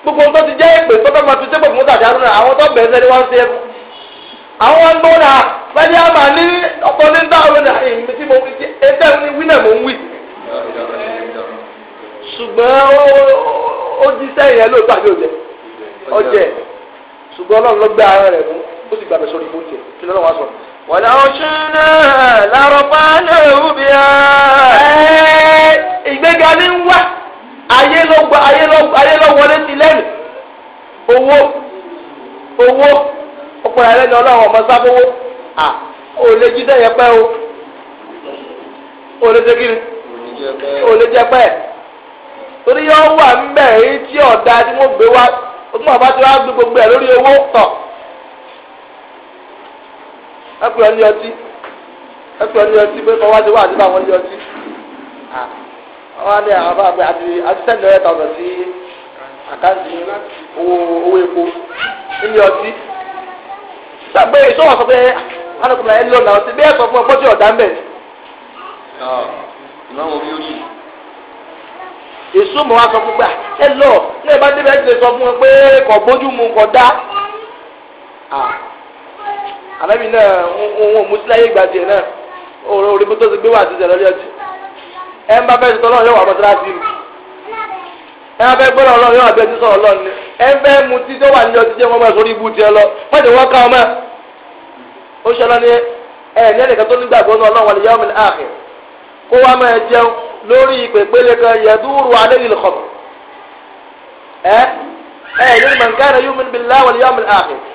gbogbo tó ti jẹ́ ìpè tó fẹ́ máa fi sépò musa dàrú náà àwọn tó bẹ̀rẹ̀ sẹ́ni wọ́n ń ṣe é fún. àwọn wọn gbọ́ náà fẹ́ni àmà ní ọkọ ní dáhùn náà èmi tí mo ti ẹgbẹ́ mi wí náà mo ń wí. ṣùgbọ́n ó jíṣẹ́ yẹn lóòótọ́ àti òjẹ́ ọjẹ́ ṣùgbọ́n ọlọ́run ló gbé ara rẹ̀ mú ó sì gbàgbé sórí ولو شئنا لرفعناه بها ìgbéga ní ń wá ayé ló ayé ló wọlé sí owó owó ọ̀pọ̀ ẹ̀rẹ́ ni ọlọ́run ọmọ sábówó à ó lè o torí yọ wà ń bẹ̀ èyí tí ọ̀dà tí wọ́n gbé wá ó tún bàbá ẹ̀pẹ́ ọ̀lẹ́ ọtí ẹ̀pẹ́ ọ̀lẹ́ ọtí pé kọ́ wájú wà nípa àwọn ọ̀lẹ́ ọtí wọ́n á ní àwọn bá àgbẹ̀ àti àtisẹ́ni ọ̀yẹ́ tàwọn sí àkáǹtì owó owó epo nílé ọtí sàgbé ìṣòwò sọ pé alùpùpù ah, ẹ̀ lọ́nà ọtí bí ẹ̀ sọ fún ọgbọ́n tí ọ̀dà ń bẹ̀. ìmáwọ̀ bí ó yìí èso mọ̀ wá sọ fún gbà ah, ẹ lọ ní ìbá débẹ̀ ẹ ti lè sọ fún ọ pé kò bójú mu kò dá àlẹ́bí náà òun ò mú síláyé ìgbà tiẹ̀ náà orí mọ́tò ti gbé wà àti ìjẹ̀lẹ́bí ọtí ẹ ń bá fẹ́ sọ̀tọ̀ ọlọ́run yóò wà mọ́tò láti rí ẹ ń bẹ́ gbọ́dọ̀ ọlọ́run yóò àbẹ́jú sọ̀rọ̀ ọlọ́run ni ẹ ń bẹ́ mu tí tó wà ní ọtí jẹ́ wọn bá sórí ibú tiẹ̀ lọ wọ́n ti wọ́n ká ọmọ ó ṣe ọlọ́ni ẹ ní ẹnìkan tó nígbàgbọ́ ọlọ́run wàlẹ̀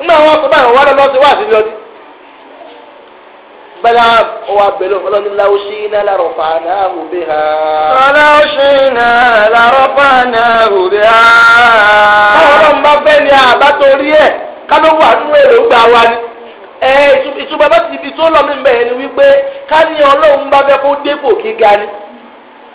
nínú àwọn ọkọ̀ báyìí wọ́n lọ sí wá sí lọ́dún. بلى وابلو فلن لو شئنا لرفعناه بها فلو شئنا لرفعناه بها ọlọ́run bá fẹ́ ni àbá ẹ̀ ká ló wà wa ni ìtumọ̀ bá ti tó lọ ni wípé ká ní ọlọ́run bá fẹ́ kó dépò ni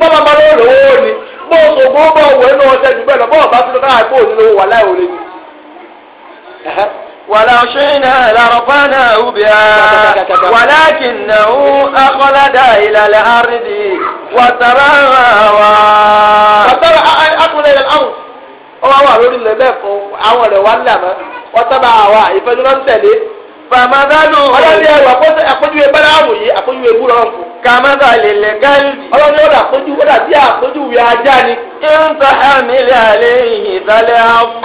bọ́lá bá lóò ụlọ ni bó o sògbó bọ̀ wẹ̀ ní ọjọ́ ìdúgbò ẹ̀ lọ bọ́ọ̀ bá tuntun káà kó o nílò wà láì òde ni. ولو شئنا لرفعناه wà lórí ilẹ̀ bẹ́ẹ̀ fún àwọn ọ̀rẹ́ wa wọ́n náà kàmáta lèlè kẹ́lí ọlọ́run yóò dà sójú ó dà sí àsójú wí ajá ni. ìǹtà ẹ̀mílì àlẹ́ ìdálẹ́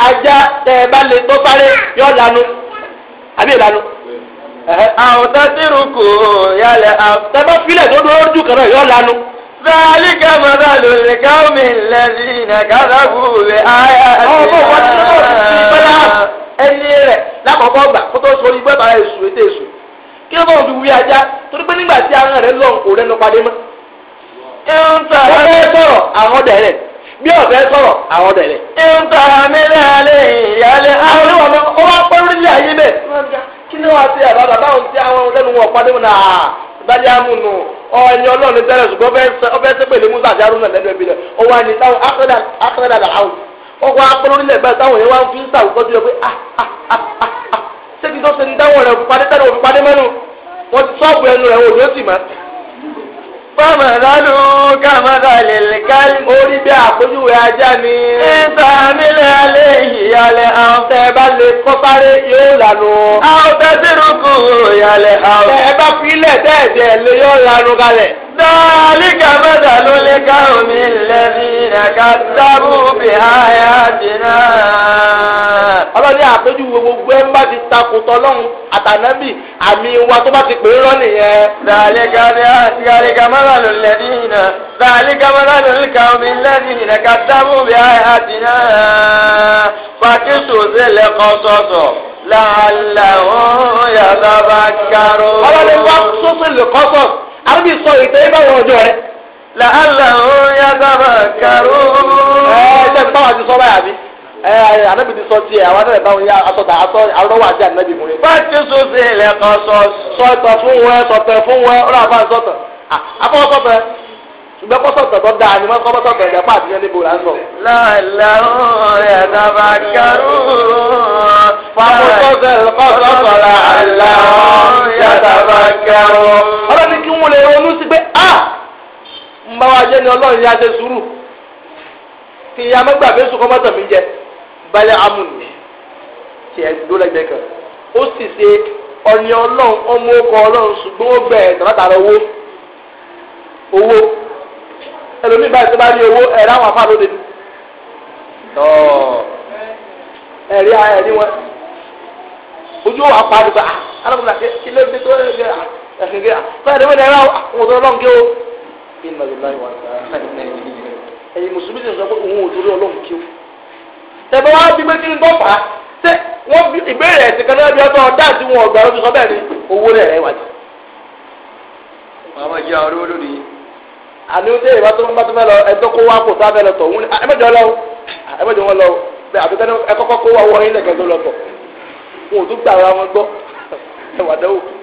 ajá tẹ ẹ bá lè tó sáré yọ lanu àbí ìlanu. àwọn tẹ́sírù kò yálẹ̀ àwọn. tẹ bá filẹ̀ tó dúró ojú kan náà yọ lanu. ذلك مثل القوم الذين كذبوا بآياتنا ọmọ wọn ti lọ sí ìpínlẹ̀ ẹni rẹ̀ lákòókò gbà kó tó sọ bàrà èṣù ètò èṣù. kí ló bá òbí wí ajá torí pé nígbà tí ahọ́n rẹ̀ lọ kò rẹ́nu padé mọ́. ìǹtà ọ̀fẹ́ sọ̀rọ̀ àwọn dẹ̀rẹ̀ bí ọ̀fẹ́ sọ̀rọ̀ àwọn dẹ̀rẹ̀. ìǹtà mi lálẹ́ ìyálẹ́ àwọn ọmọ ọ wá pẹ́ lórí ayé bẹ́ẹ̀. kí ló wá sí tí àwọn wọn padé mọ́ náà bájá tẹ́lẹ̀ ṣùgbọ́n wọ́n ti sọ́ọ̀bù ẹnu rẹ̀ òjò sì mọ́. Fọ́ọ̀mù ìdánù kàmọ́dà lèlè kárí. Ó rí bí àpójúwe ajá ni. Níta nílé alẹ́ ìyàlẹ̀ àwọn tẹ́ bá lè kọ́sáré yóò lànà. Àwọn tẹ́ sínú kù ìyàlẹ̀ àwọn. Tẹ́ bá fi ilẹ̀ tẹ́ẹ̀dẹ̀ lè yóò lànà kalẹ̀. ذلك مثل لقوم الذين كذبوا بآياتنا ọlọ́ni àpéjúwe gbogbo ẹ̀ ń bá ti takò tọ́lọ́hún àtànábì àmì wa tó bá ti pè é rọ́ nìyẹn. ذلك ذلك مثل الذين ذلك مثل القوم الذين كذبوا بآياتنا فاقصص القصص لعلهم يتفكرون. ọlọ́ni wá sọ́sọ́ lè kọ́sọ̀ àwọn bíi sọ ìtẹ́ báwọn ọjọ́ rẹ. làálà ó yá sábà kàró. ẹ ṣe báwa ti sọ báyà bí ẹ anabi ti sọ tiẹ àwọn anabi báwọn yá asọta asọ arọwà àti anabi múlẹ. fáti sọsẹ ẹlẹkan sọ sọtọ fún wọn sọtọ fún wọn ọ̀rọ̀ àbá sọtọ àbọ sọtọ ṣùgbọ́n kọ́sọ̀tọ̀ tó dáa ni wọ́n kọ́ sọ̀tọ̀ ìjọba àtijọ́ níbo là ń sọ. láìla ọ̀rẹ́ àdàbà kẹrù. fàkókò mo lè ronú sí pé a ah, ń bá ni ọlọ́run ṣe ya mẹ́gbà fẹ́ sùn kọ́mọ́tò mi jẹ balẹ̀ amúnì tiẹ̀ ló lẹ́gbẹ̀ẹ́ kan ó sì ṣe ọ̀nì ọlọ́run ọmọ ọkọ̀ ọlọ́run ṣùgbọ́n ó gbẹ̀ ẹ̀ tàbátàrà owó owó ẹlòmíì báyìí tó bá rí owó ẹ̀rí àwọn afá lóde ni ẹ̀rí ẹ̀rí ojú wa pa ẹ̀sìn bí i báyìí dẹ́gbẹ́ dẹ́gbẹ́ àwọn ọ̀dọ́ ọlọ́run kí ó iná lè láyé wà ẹ̀yin mùsùlùmí sì sọ pé òun ò torí ọlọ́run kí ó. tẹ̀bọ̀ wá bí méjì ń dọ́pà ṣé wọ́n bí ìbéèrè ẹ̀sìn kan náà bí ọtọ́ ọ̀dá àti wọn ọ̀gbà ọdún sọ bẹ́ẹ̀ ni owó rẹ̀ rẹ̀ wájú. màmá jẹ́ àwọn olórí. àní ó dé ìwà tó ń bá tó fẹ́ lọ ẹjọ́ kó wá kó sábẹ́ lọ tọ̀ wọ́n ẹ̀mẹ́jọ lọ ẹ̀mẹ́jọ wọn lọ àbíkẹ́ ẹ̀kọ́kọ́ kó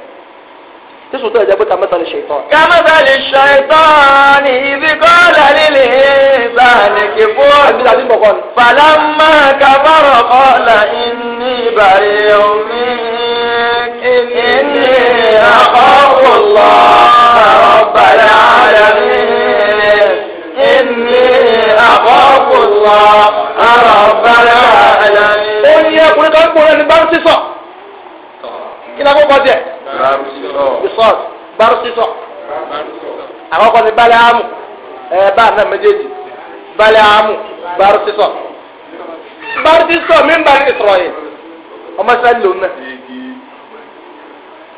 jésù tó ẹ̀jẹ̀ pé ká mẹ́ta lè ṣe ìtàn. ká mẹ́ta lè ṣe ìtàn ní ibi kọ́lá líle bá a lè ké fún ọ. àbí tàbí mọ̀kọ́ ni. fàlámà kábàrọ̀ kọ́lá ìní ìbàrẹ̀ omi kìíní àkọ́kọ́ lọ ọ̀bàlẹ̀ àdàmì ìní àkọ́kọ́ lọ ọ̀bàlẹ̀ àdàmì. ó ní ẹkùnrin kan gbọ́dọ̀ ní bá ń kí ni akókò jẹ bisọt barusisọ àkọ́kọ́ ni baliamu ẹ bá àná méjèèjì baliamu barusisọ barusisọ mi ń bari ìsọrọ yìí ọmọ sẹ́lì lòun náà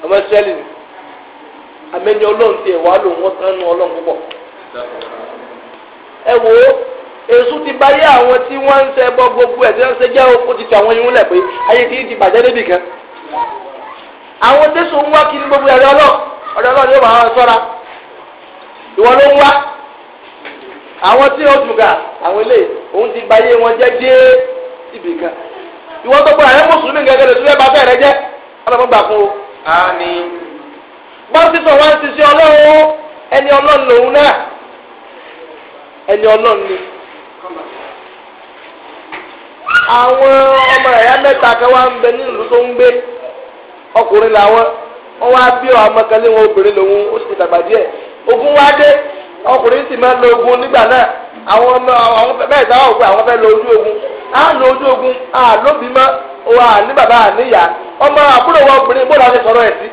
ọmọ sẹ́lì ni àmẹ́ni ọlọ́run ti ẹ̀wà lòun wọ́n tán nu ọlọ́run púpọ̀ ẹ wò ó èso ti bá yé àwọn tí wọ́n ń ṣe bọ́ gbogbo ẹ̀ tí wọ́n ń ṣe jẹ́ oko ti tu àwọn irun lẹ̀ pé ayé ti ti bàjẹ́ débì kan. àwọn tẹsán ń wá gbogbo ẹ̀rọ ọlọ́ ọ̀rọ̀ ọlọ́ ni ó máa sọ́ra ìwọ ló ń wá àwọn tí ó dùgà àwọn ilé òun ti gba iye wọn jẹ́ dé ibì kan ìwọ tó gbọ́dọ̀ àwọn mùsùlùmí gẹ́gẹ́ lè tún bá fẹ́ rẹ ọlọ́mọ ọkùnrin làwọn wọn wá bí ọ amakẹlẹ wọn obìnrin lòun ó sì dàgbà díẹ̀ ogun wá dé ọkùnrin sì máa lo ogun nígbà náà àwọn ọmọ àwọn bẹ́ẹ̀ sábà wò pé àwọn fẹ́ẹ́ lo ojú ogun á lo ojú ogun á lóbi mọ òun à ní bàbá ọmọ àbúrò wọn obìnrin bó làwọn ti ẹ sí.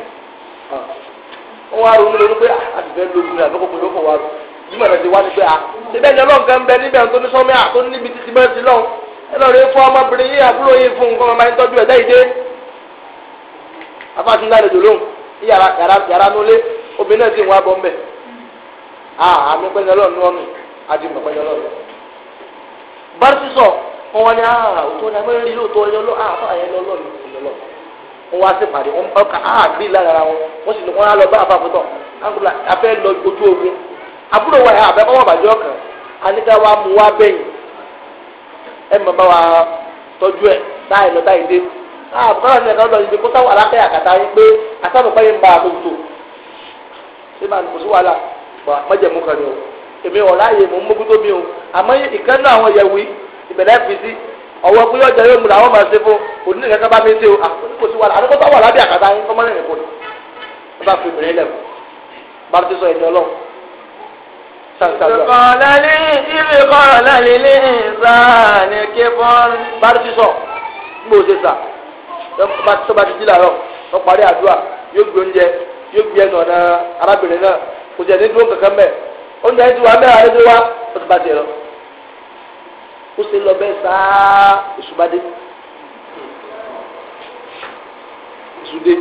wọn wá ronú lórí pé àtìfẹ́ ní àdókò ti wá ní a ah, kan bẹ níbẹ̀ tó ní sọ́mi àtó níbi títí sí lọ́hùn ẹ fún ọmọbìnrin yìí ọmọ afáàtún lálejò lóhùn yàrá yàrá yàrá obìnrin náà sì ń wá bọ́ mbẹ́ àmì pẹ́ńtẹ́ lọ́ọ̀ nù ọ́nù àti mọ̀ pẹ́ńtẹ́ lọ́ọ̀ sísọ wọn wá ní ni ní abẹ́rẹ́ rí lóòótọ́ wọn wá sí pàdé wọn wọn wọn sì ní wọn á lọ bá lọ ojú ogun àbúrò wa yà àbẹ́ kọ́wọ́ bàjẹ́ ọkàn aníkà wa wa bẹ́yìn ẹ̀ bá wa táyì lọ táyì dé àbúrò ah, ní ẹ̀ka lọ́dọ̀ yìí kó sáwọ́ alákẹ́ àkàtà yìí pé àtàbùkọ́ yìí ń ba àtòwòtò ṣé máa kò sí wàhálà wà mọ́jẹ̀mú kan ni o èmi ọ̀la yìí mò ń mójútó mi o àmọ́ ìkànnì àwọn yẹ̀wù ìbẹ̀lẹ̀ fi sí ọwọ́ pé ọjà yóò mú làwọn máa ṣe fún òní nìkan bá mi ṣe o ah, kò sí wàhálà àdókòtò àwọn alábẹ́ àkàtà yìí kọ́ mọ́lẹ̀ nìkan ni wọ́n bá fi obìnrin lẹ̀ bá ti sọ ẹ̀jẹ̀ ọlọ́run tó bá ti jí làárọ̀ ó parí àdúrà yóò gbé oúnjẹ yóò gbé ẹnu ọ̀nà arábìnrin náà kò jẹ́ ní dúró kankan mẹ́ oúnjẹ yìí ti wà mẹ́rin àdéjọ́ wa ó ti bá tiẹ̀ lọ. ó ṣe lọ bẹ́ẹ̀ sáá ìṣùbádé ìṣùdé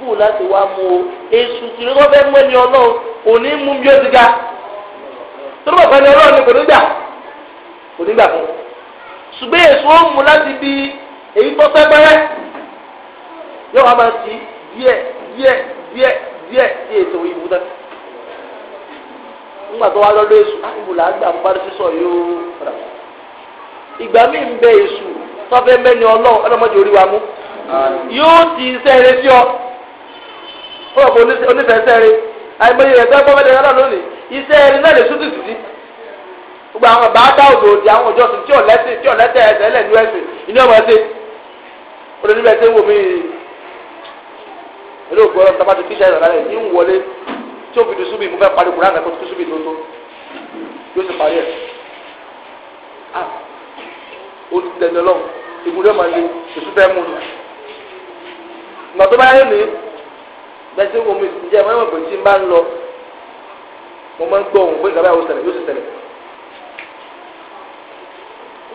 búù láti wá mú o èṣù tí ló fẹ́ mú ẹni ọlọ́run òní mú bí ó ti ga tó bá fẹ́ ni ọlọ́run ni kò ní gbà kò ní gbà fún un ṣùgbọ́n èṣù ó mú láti bíi. èyí tó fẹ́ pẹ́rẹ́ yóò wá máa ti díẹ̀ díẹ̀ díẹ̀ díẹ̀ sí ètò ìwú náà nígbà tó wá lọ́dọ̀ èṣù àkùkù ah, là á gbà sísọ yóò rà ìgbà míì ń bẹ èṣù tọ́fẹ́ mẹ́ni ọlọ́run ọlọ́mọdé orí wa mú yóò ti sẹ́ẹ̀rẹ́ sí ọ ó rọ̀ pé onífẹ̀ẹ́ sẹ́ẹ̀rẹ́ àìmọye rẹ̀ gbọ́ fẹ́ẹ́ dẹ́rẹ́ lónìí iṣẹ́ ẹni náà lè sútù títí gbogbo àwọn bàbá òdòdì àwọn òjọ́sìn tí ò lẹ́sìn tí ò olè níbẹ̀ tẹ́ wò mí ilé ògbó ọlọ́run tábà ti tíṣà ìrọ̀lá rẹ̀ ní ń wọlé tí ó fi dùn súnmí mo fẹ́ parí kùrán àgbẹ̀kọ́ tó súnmí tó yóò sì parí ẹ̀ ah olùdẹ̀ni ọlọ́run ìbúdó máa le èso fẹ́ mú un nà tó bá yẹ mi bẹ́ẹ̀ tẹ́ wò mí ǹjẹ́ àwọn ẹ̀wọ̀n pẹ̀lú tí ń bá ń lọ mo máa ń gbọ́ òun pé ìgbà báyìí yóò sì ṣẹlẹ̀ ní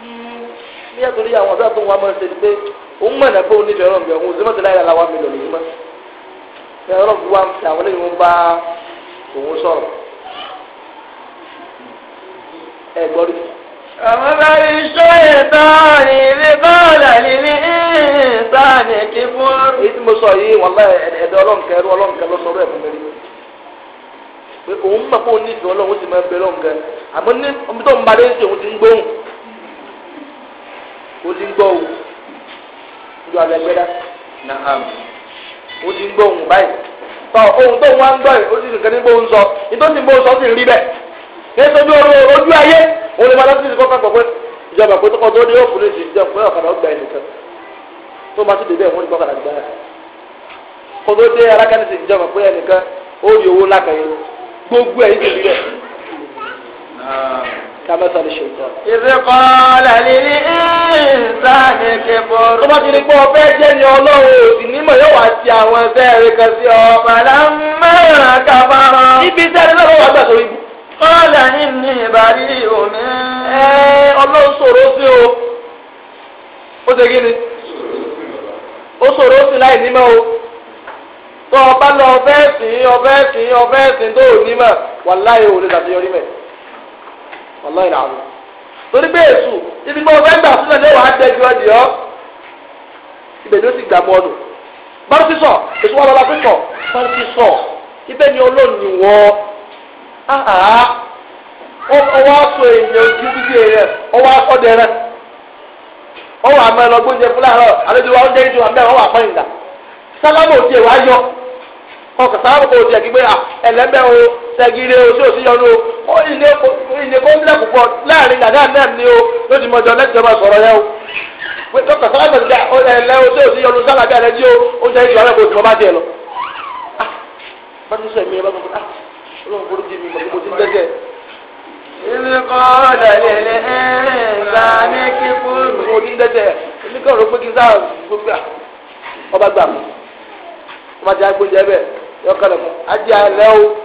mm. ẹ̀tọ́ ní àwọn ọ̀dọ́ àtúnwá máa ń ṣe ni pé òun mọ̀nà pé òun nífẹ̀ẹ́ ọlọ́run bí ọ̀hún òsèmọ̀tò láyé aláwa mi lọ lèyí mọ́ ẹ ọlọ́run bí wà ń fi àwọn eléyìí wọn bá òun sọ̀rọ̀ ẹ gbọ́ rí. àmọ́ bá rí iṣẹ́ ìtàn ìlú bọ́ọ̀lù àlìlí ìtàn ìkí fún. èyí tí mo sọ yìí wọn láyé ẹ̀dẹ̀ ọlọ́nkẹ́ ẹrú ọlọ́nkẹ́ ló sọ̀rọ̀ ẹ̀fún mi rí òun mọ̀ pé òun nífẹ̀ẹ́ ọlọ́run ó sì máa ń bẹ lọ́nkẹ́ àmọ́ ní ọmọdé òun bá dé sí òun ti ń gbóhùn ó ti ń gbọ́ ju na ti ń gbọ́ báyìí tọ ohun tó ń wá ń gbọ́ yìí ó ti ní gbóhùn sọ tí gbóhùn sọ rí bẹ́ẹ̀ ní sojú ojú ayé òun ni malasi ti kọ́kọ́ ìjọba pé tọkọ tó ní yóò fún ní pé ọ̀kadà ó gbà tó ti ìwọ́n ní gbà kàmẹ́sàlì ṣètò. ìsìnkọ́ lẹ́lí ìsáni kìbọ̀. tó bá ti di pé ọbẹ̀ jẹ́ ni ọlọ́run òsì nímọ̀ yóò wá ti àwọn ẹgbẹ́ rẹ̀ kan sí ọ. bàlámà kàbàrọ̀. ibi sẹ́ni náà wọ́n wá gbà sórí ibú. kọ́lá ní ìbàdí omi. ẹ ọlọ́run ṣòro sí o. ó ṣe kí ni ó ṣòro sí láì nímọ̀ o tó ọba lọ ọbẹ̀ ẹ̀sìn ọbẹ̀ ẹ̀sìn ọbẹ̀ ẹ̀sìn tó ò nímọ̀ wàláyé òun lè tàbí yọrí mẹ́. wallahi alazim torí pé èsù ibi gbọ́ fẹ́ gbà sílẹ̀ ní wàá dẹ́jú ọdì ọ́ ibẹ̀ ló sì gbà mọ́ ọdún bọ́lú sísọ wọn lọ́la pípọ̀ bọ́lú sísọ ibẹ̀ ni olóòní wọ́ ọwọ́ aṣọ èèyàn bíbí ọwọ́ ọwọ́ àmọ́ wa oúnjẹ ìjọba mẹ́rin ọwọ́ àpọ́n ìgbà sálámù ọkọ̀ sálámù sẹ́gìrì o tí o yọnu o ó ilé púpọ̀ láàrin dàdá náà ni o ló ti mọ̀jọ lẹ́tọ̀ máa sọ̀rọ̀ yẹn o pé dókítà sábà tó dá ọ ẹ̀lẹ́ o tí o yọnu sábà bí o ó jẹ́ ìṣòro ẹ̀kọ́ tí wọ́n bá lọ. ah n ọba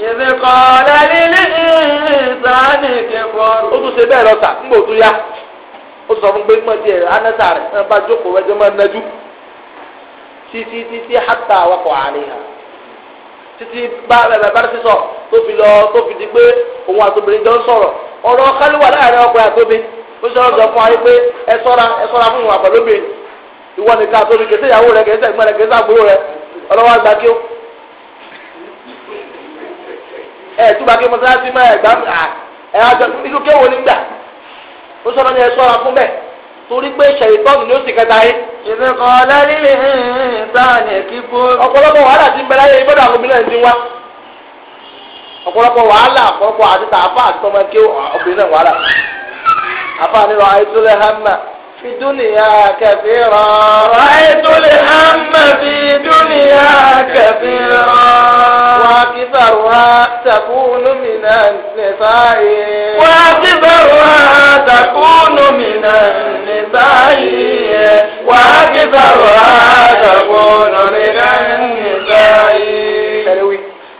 ìfikọ́ lálílí ìsàní kẹfọ́rù. ó tún ṣe bẹ́ẹ̀ lọ sà ńgbò yá ó sọ fún gbẹ́gbọ́n tiẹ̀ anẹ́sà rẹ̀ ẹ̀ bá jókòó ẹjọ́ máa nájú títí títí hàtà awakọ̀ àríyá títí bá bàbá bá sísọ tó fi lọ tó fi di pé òun àtòbìnrin jọ ń sọ̀rọ̀ ọ̀rọ̀ láàrin ọkọ̀ àtòbí ó sọ fún ayé pé ẹ sọ́ra ẹ sọ́ra fún ìwà pẹ̀lú ìwọ nìkan àtòbí kẹsẹ̀ ìyàwó rẹ kẹsẹ̀ ìgbọ́n rẹ ẹ túbà kí mọ́sálásí máa ẹ̀ gbà ẹ̀ àjọ irú kéwòn nígbà ó sọ̀rọ̀ ni ẹ sọ̀rọ̀ fún bẹ́ẹ̀ torí pé ṣèyítọ́nù ni ó sì kẹta yé. ìfikọ̀ lẹ́lílẹ̀ ìsáàlẹ̀ kíkó. ọ̀pọ̀lọpọ̀ wàhálà ti ń bẹ láyé ìbọ̀dọ̀ àwọn obìnrin ti wá. ọ̀pọ̀lọpọ̀ wàhálà àti tààfà àti kí obìnrin náà wàhálà. àìtúlẹ̀ hàmà fi dúnìyà kẹfì àìtúlẹ̀ fi dúnìyà kẹfì تكون من النساء وأكثرها تكون من النساء وأكثرها تكون من النساء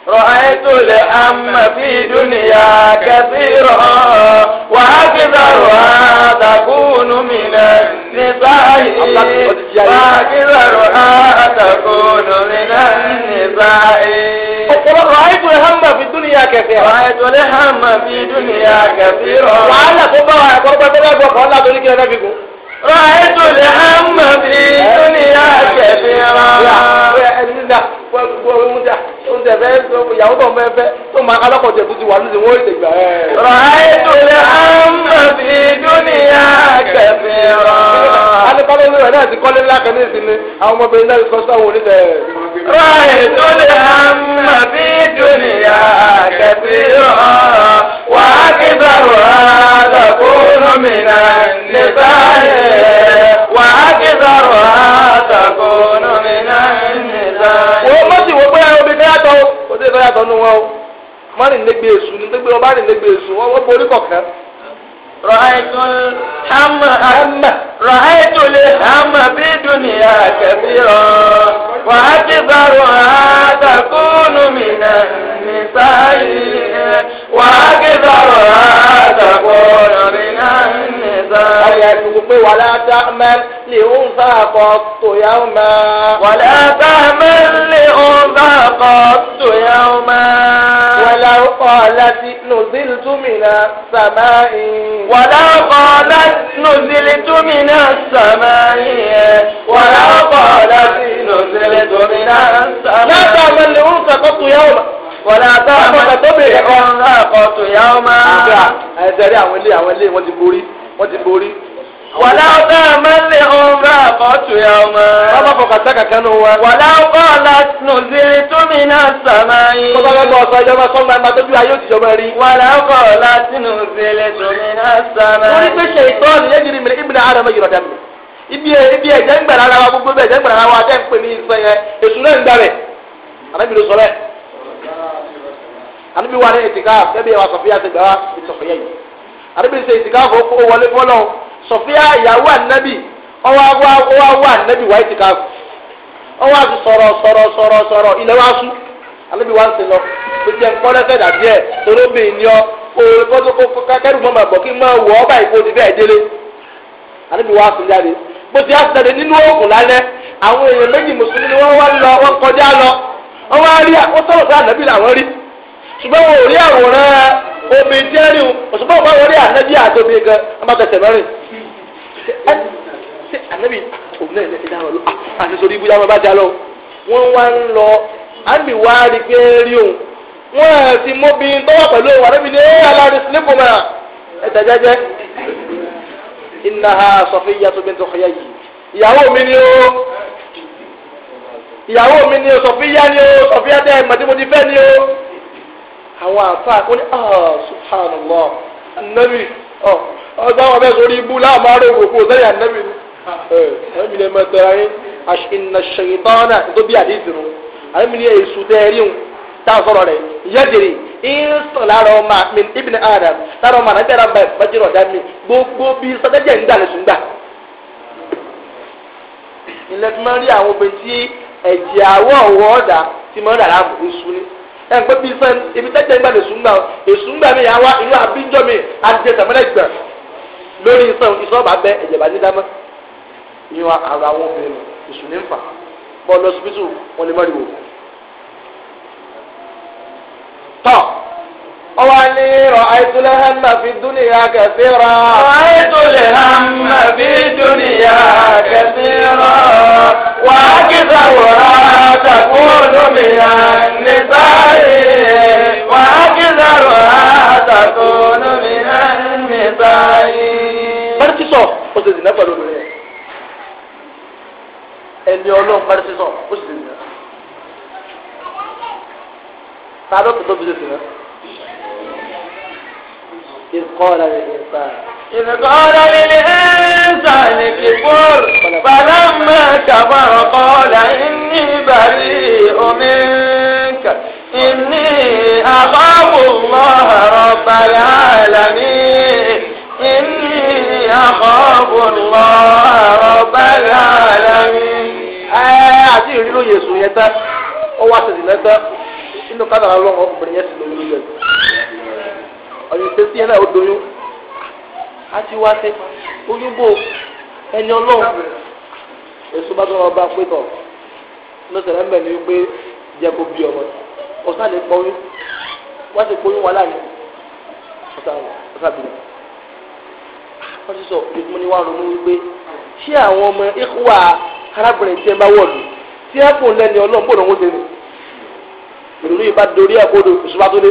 رأيت الأم في دنيا كثيرا وأكثرها تكون من النساء وأكثرها تكون من النساء وقل رأيت الهم في الدنيا كثيرا رأيت الهم في الدنيا كثيرا وعلى فضاء قربة الله وقال الله ذلك لنا بكم رأيت الهم في الدنيا كثيرا ìyàwó tó ń bẹ fẹ́ tó máa alákọ̀jẹ̀ tó ti wà lóde wọ́n ìdègbà ẹ̀. ràìtò lè hàmà fi dúnìyà kẹfì rán. alẹ́ kọ́lé lórí ẹ̀ náà ti kọ́lé ńlá kan ní ìsinmi àwọn ọmọbìnrin náà sọ sáwọn onídẹ̀ẹ́. rae to le ha nnwata idio ni a tepidia wa ha kizaru ha takonomi 9 le taa eee wa ha kizaru ha takonomi 9 le taa eee o si wope eobi n'ụwa ọmarị رأيت الهم هم رأيت الهم بدنيا كثيرا وأكثرها تكون من النساء وأكثرها تكون ọ̀rọ̀ yẹn tó pé wàlá tá mẹ́ lè ń bá àkọ́ tó yá ó mẹ́. wàlá tá mẹ́ lè ń bá àkọ́ tó yá ó mẹ́. wàlá ọkọ̀ láti nùzílì túmìnà sàmá yìí. wàlá ọkọ̀ láti nùzílì túmìnà sàmá yìí. wàlá ọkọ̀ láti nùzílì túmìnà sàmá yìí. látà mẹ́ lè ń sàkọ́ tó yá ó mẹ́ wọ́n àtàwọn ọmọ tó bèrè ọ̀hún náà kọ́ tó yá ọmọ. ẹ̀ẹ́dẹ̀rẹ́ àwọn ilé àwọn ti borí wọ́n ti borí. wàlá ọ̀gá mẹ́lẹ̀ ọ̀gá àbọ̀tù ẹ̀ ọmọ. bàbá fọkàn sákà kan nù wa. wàlá ọgọ́ ọ̀la nùzírí túmínà sàmáyé. bàbá bẹ́ẹ̀ bọ̀ ọ̀sán ìjọba sọ́nà máa tóbi ayé òtítọ́ máa rí. wàlá ọgọ́ ọ̀la nùzírí túmínà sàmáyé. wọ́n ní pé ṣe ìtọ́ni lẹ́yìn ìmìlẹ̀ ìmìlẹ̀ àrẹ mẹ́yìn ọ̀dà mi ibi ibi ẹ̀jẹ̀ ń gbàrà àdébí ṣe ìtìkáfù ó wọlé fọlọ́ sọfíà ìyàwó ànábì ọwọ́ awọ ànábì wà wa ọwọ́ àti wa sọ̀rọ̀ sọ̀rọ̀ sọ̀rọ̀ ilẹ̀ ti bẹ́ẹ̀ délé ànábì wá sùn jáde ti á sẹ̀dẹ̀ nínú òògùn lálẹ́ àwọn èèyàn méjì ni omi jẹ́rì o òṣùpá ọ̀pá wọlé ànábì àtòmí gan amákẹsẹ̀ mẹ́rin. ṣé ànábì òun náà lẹ́sẹ̀ dáhùn lọ àti sori ibú dáhùn bá já lọ wọ́n wá ń lọ àmì wá rí pé rí òun wọ́n á ti móbi tọ́wọ́ pẹ̀lú òun ànábì ní ẹ́ aláàrẹ sílẹ̀kùn mọ́ ẹ tẹ̀jẹ́jẹ́ innaha Safiyyatu bint Huyayy ìyàwó mi ni ó ìyàwó mi ni ó Sọfíyà ni ó Sọfíyà tẹ́ ẹ̀ mọ̀tí mo ti fẹ́ ni ó àwọn àfa ó ní ah, subhanallah anabi ah, ọjọ́ àwọn bẹ́ẹ̀ sórí ibú láàmú aró òkú sẹ́yìn anabi anabi ní ẹ̀mọ́ tẹ̀ra yín ìnà ṣèyítọ́nà tó bí àdéhìí dùn anabi ní èsù tẹ́ẹ̀ríhùn tá a sọ̀rọ̀ rẹ̀ yẹ́dìrì ìsọ̀ lára ọmọ min ibn adam lára ọmọ àti ẹ̀rọ bàjẹ́rọ̀ dá mi gbogbo bí sọ́jẹ́jẹ́ ń dà ẹgbẹ́ bíi fẹ́ ibi tẹ́jẹ́ gbà lè sùn gbà èsùn gbà mí àwa ìlú àbíjọ́ mi àti tẹ̀mẹ́lẹ̀ gbà lórí ìsàn ìsọ́ọ̀bà bẹ́ ẹ̀jẹ̀ bá ní dámọ́ ìyẹn ara àwọn obìnrin èsùn ní nfà bọ́ọ̀lù ọsibítù wọn lè mọ́ ìwò. واني رأيت الهم في الدنيا كثيرا رأيت الهم في الدنيا كثيرا وأكثرها تكون من النساء وأكثرها تكون من النساء Bárísísọ̀ ó ti dìnnà pẹ̀lú obìnrin rẹ̀. Ẹni ọlọ́run Bárísísọ̀ ó ti dìnnà. Ta ló tó tóbi ṣe sí إذ قال للإنسان إذ قال للإنسان كفر فلما كفر قال إني بريء منك إني أخاف الله رب العالمين إني أخاف الله رب العالمين àti ìrírò yẹsùn yẹn tán ó wá sèzì lẹ́tọ́ nínú kádàrá ọlọ́run ọkùnrin yẹn sì ọ̀yìn ìṣesí yẹn náà ó doyún a ti wá sí oyún ẹni ọlọ́run èso bá tó lọ bá pé tọ̀ lọ́sẹ̀rẹ̀ ń bẹ̀ ní wípé jẹ́ bí ọmọ ọ̀sán lè pọ̀ oyún wọ́n ti pọ̀yún wàhálà ni ọ̀sán bìrì wọ́n ti sọ ìdìbò ni wọ́n ronú wípé ṣé àwọn ọmọ ìkúwà arábìnrin tí ẹ bá wọ̀lú tí ẹ fún lẹ́ni ọlọ́run bò lọ́wọ́ tẹ̀lé ìrònú yìí bá dorí ẹ̀ kó do ìṣúbátólé.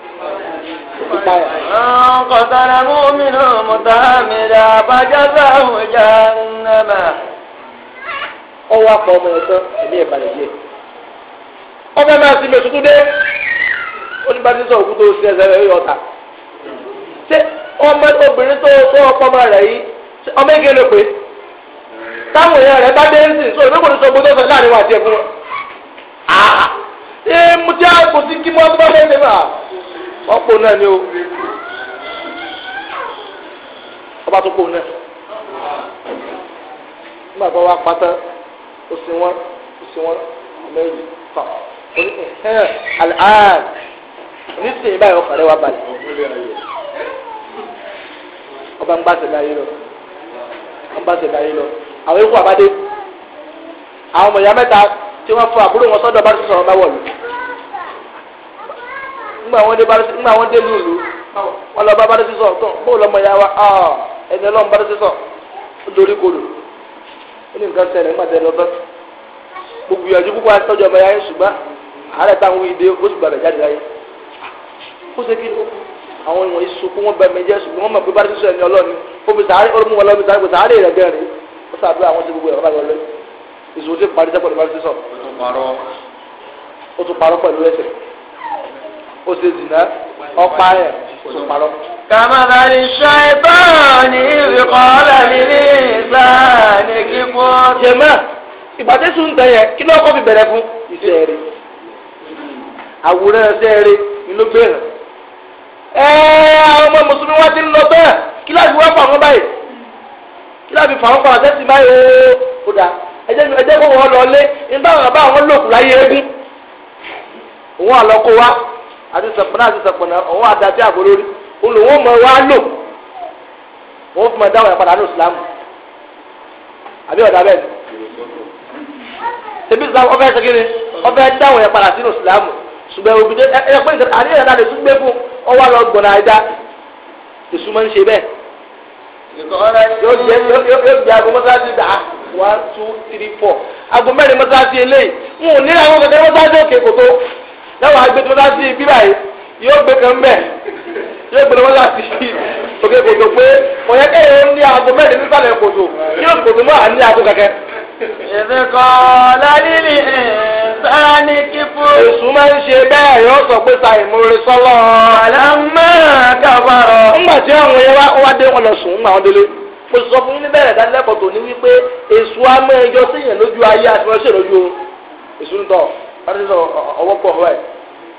قتل مؤمن متعمدا فجزاه جهنم ó wá pa ọmọ yẹn tán ẹ̀mí ẹ̀ balẹ̀ díẹ̀ ọmọ máa sinmi ètùtù dé oníbàdí sọ òkú tó ṣe ẹsẹ̀ rẹ̀ yọ ọ̀tà ṣé ọmọ obìnrin tó tó ọkọ ọmọ rẹ̀ yìí ọmọ ege ló pé táwọn èèyàn rẹ̀ bá dé ń sìn sọ ìwé kò sọ gbogbo sọ láàrin wa àti ẹ̀kún wọn. ṣé mo ti àpò sí kí mo bá fẹ́ fà á ọ̀pọ̀ náà ni o ọba tó kó náà nígbà tó wá pátá ó sì wọ́n ó sì wọ́n lẹ́yìn tán al'an nísìnyí báyìí ọkàn rẹ wá balẹ̀ ọba ń bá tẹ̀lé ayé lọ ń bá tẹ̀lé ayé lọ àwọn ikú àbádé àwọn ọmọ ìyá mẹ́ta tí wọ́n fọ àbúrò wọn sọ́dọ̀ bá ti sọ̀rọ̀ bá wọ̀ ńgbà wọn dé bára ńgbà wọn dé lùlù wọn lọ bá bára sísọ tó bó lọmọ ya wa ah, ẹni ọlọ́run bára sísọ lórí kodò ó ní nǹkan ṣẹlẹ̀ ńgbà tẹ lọ bá gbogbo ìyànjú púpọ̀ àtọ́jú ọmọ ya yín ṣùgbọ́n àárẹ̀ táwọn ìdè ó sì gbàgbẹ́ jáde láyé kó ṣe kí àwọn ìwọ̀nyí sunkún wọn bẹ̀rẹ̀ méjì ṣùgbọ́n wọn mọ̀ pé bára sísọ ẹni ọlọ́run ó fi sàárẹ̀ ó mú wọn lọ́ọ́ fi sàárẹ̀ rẹ̀ gẹ̀rẹ̀ ó sàdúrà àwọn ó ṣe zìnà ọ̀pá ẹ̀ kò tó parọ́. kàmáda ni ṣàìbáàní ìrìkọ́lá nílé ìgbà ní kíkọ́. jẹ̀mọ́ ìgbàdésù ń tẹ̀yẹ kí ló kọ́ fi bẹ̀rẹ̀ fún iṣẹ́ rẹ̀ àwòrán iṣẹ́ rẹ̀ ni ló gbé hàn. ẹ àwọn ọmọ mùsùlùmí wá ti ń lọ bẹ́ẹ̀ kí láti wá fà wọ́n báyìí kí láti fà wọ́n fà wọ́n sẹ́sìn báyìí ó dáa ẹjẹ́ kó wọ́n lọ lé nígbà wọn bá wọn lòkù láyé eégún òun àlọ́kọ wa àti sọ̀pọ̀nà àti sọ̀pọ̀nà ọ̀hún àtàtì àbólórí olùwọ́n mọ̀ wá lò wọ́n fi mọ̀ dáwọn ẹ̀ padà ní ìsìlámù àbí ọ̀dà bẹ́ẹ̀ tẹ̀bí ìsìlámù ọ̀fẹ́ ṣẹ́kínni ọ̀fẹ́ dáwọn ẹ̀ padà sínú ìsìlámù ṣùgbọ́n òbí dé ẹ pé ìsìlámù àti ìyàrá lè tún gbé fún ọwọ́ lọ gbọ̀nà àìdá ìsúmọ̀ ń ṣe bẹ́ẹ̀ yóò jẹ́ yóò jẹ́ dà one two three four agbó mẹ́rin mọ́sáàsì eléyìí wọn ò ní àwọn kẹ̀kẹ́ mọ́sáàsì òkè kòtó lẹ́wọ̀n agbẹ́ tó láti ibi báyìí yóò gbé kan mẹ́ yóò gbé lọ́wọ́ láti òkè kòtò pé òye kéèyàn ní aago mẹ́rin nísàlẹ̀ kòtò yóò kòtò mọ́ à aago kẹ̀kẹ́. ìdíkọ̀ lálílì sani kíkú. èṣù máa ń ṣe bẹ́ẹ̀ yóò sọ pé ta ìmúre sọ́lọ́. àlámà kàbàrọ̀. ńgbà tí àwọn yẹn wá wá dé wọn lọ sùn ńgbà wọn délé mo sọ fún yín níbẹ̀rẹ̀ dánilẹ́kọ̀ọ́ tòní wípé èṣù amẹ́jọ síyàn lójú ayé àti wọn ṣèlójú èṣù ń tọ̀ ọwọ́ pọ̀ ọ̀rẹ́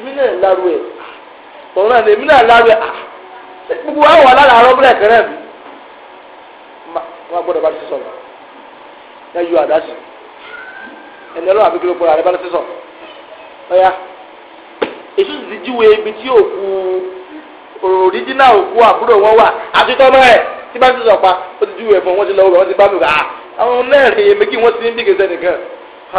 ibi náà lárú ẹ̀ tọ̀rọ̀ náà èmi náà lárú ẹ̀ ah, gbogbo wa wà lára àárọ̀ bílẹ̀ kẹrẹ́ mi wọn gbọ́dọ̀ bá ti sọ̀rọ̀ ẹ yọ àdásì ẹni ọlọ́run àbí kíló gbọ́dọ̀ àdébá ti sọ̀rọ̀ ọ̀ya èso ti jíwe ibi tí òkú òrìjínà òkú àbúrò wọn wà àti tọ́mọ ẹ̀ tí bá ti sọ̀rọ̀ pa ó ti jíwe ẹ̀fọn wọn ti lọ rọ̀ wọn ti bá mi rà á ah, àwọn náà rèé méjì wọn ti ń bí kẹsẹ̀ nìkan ká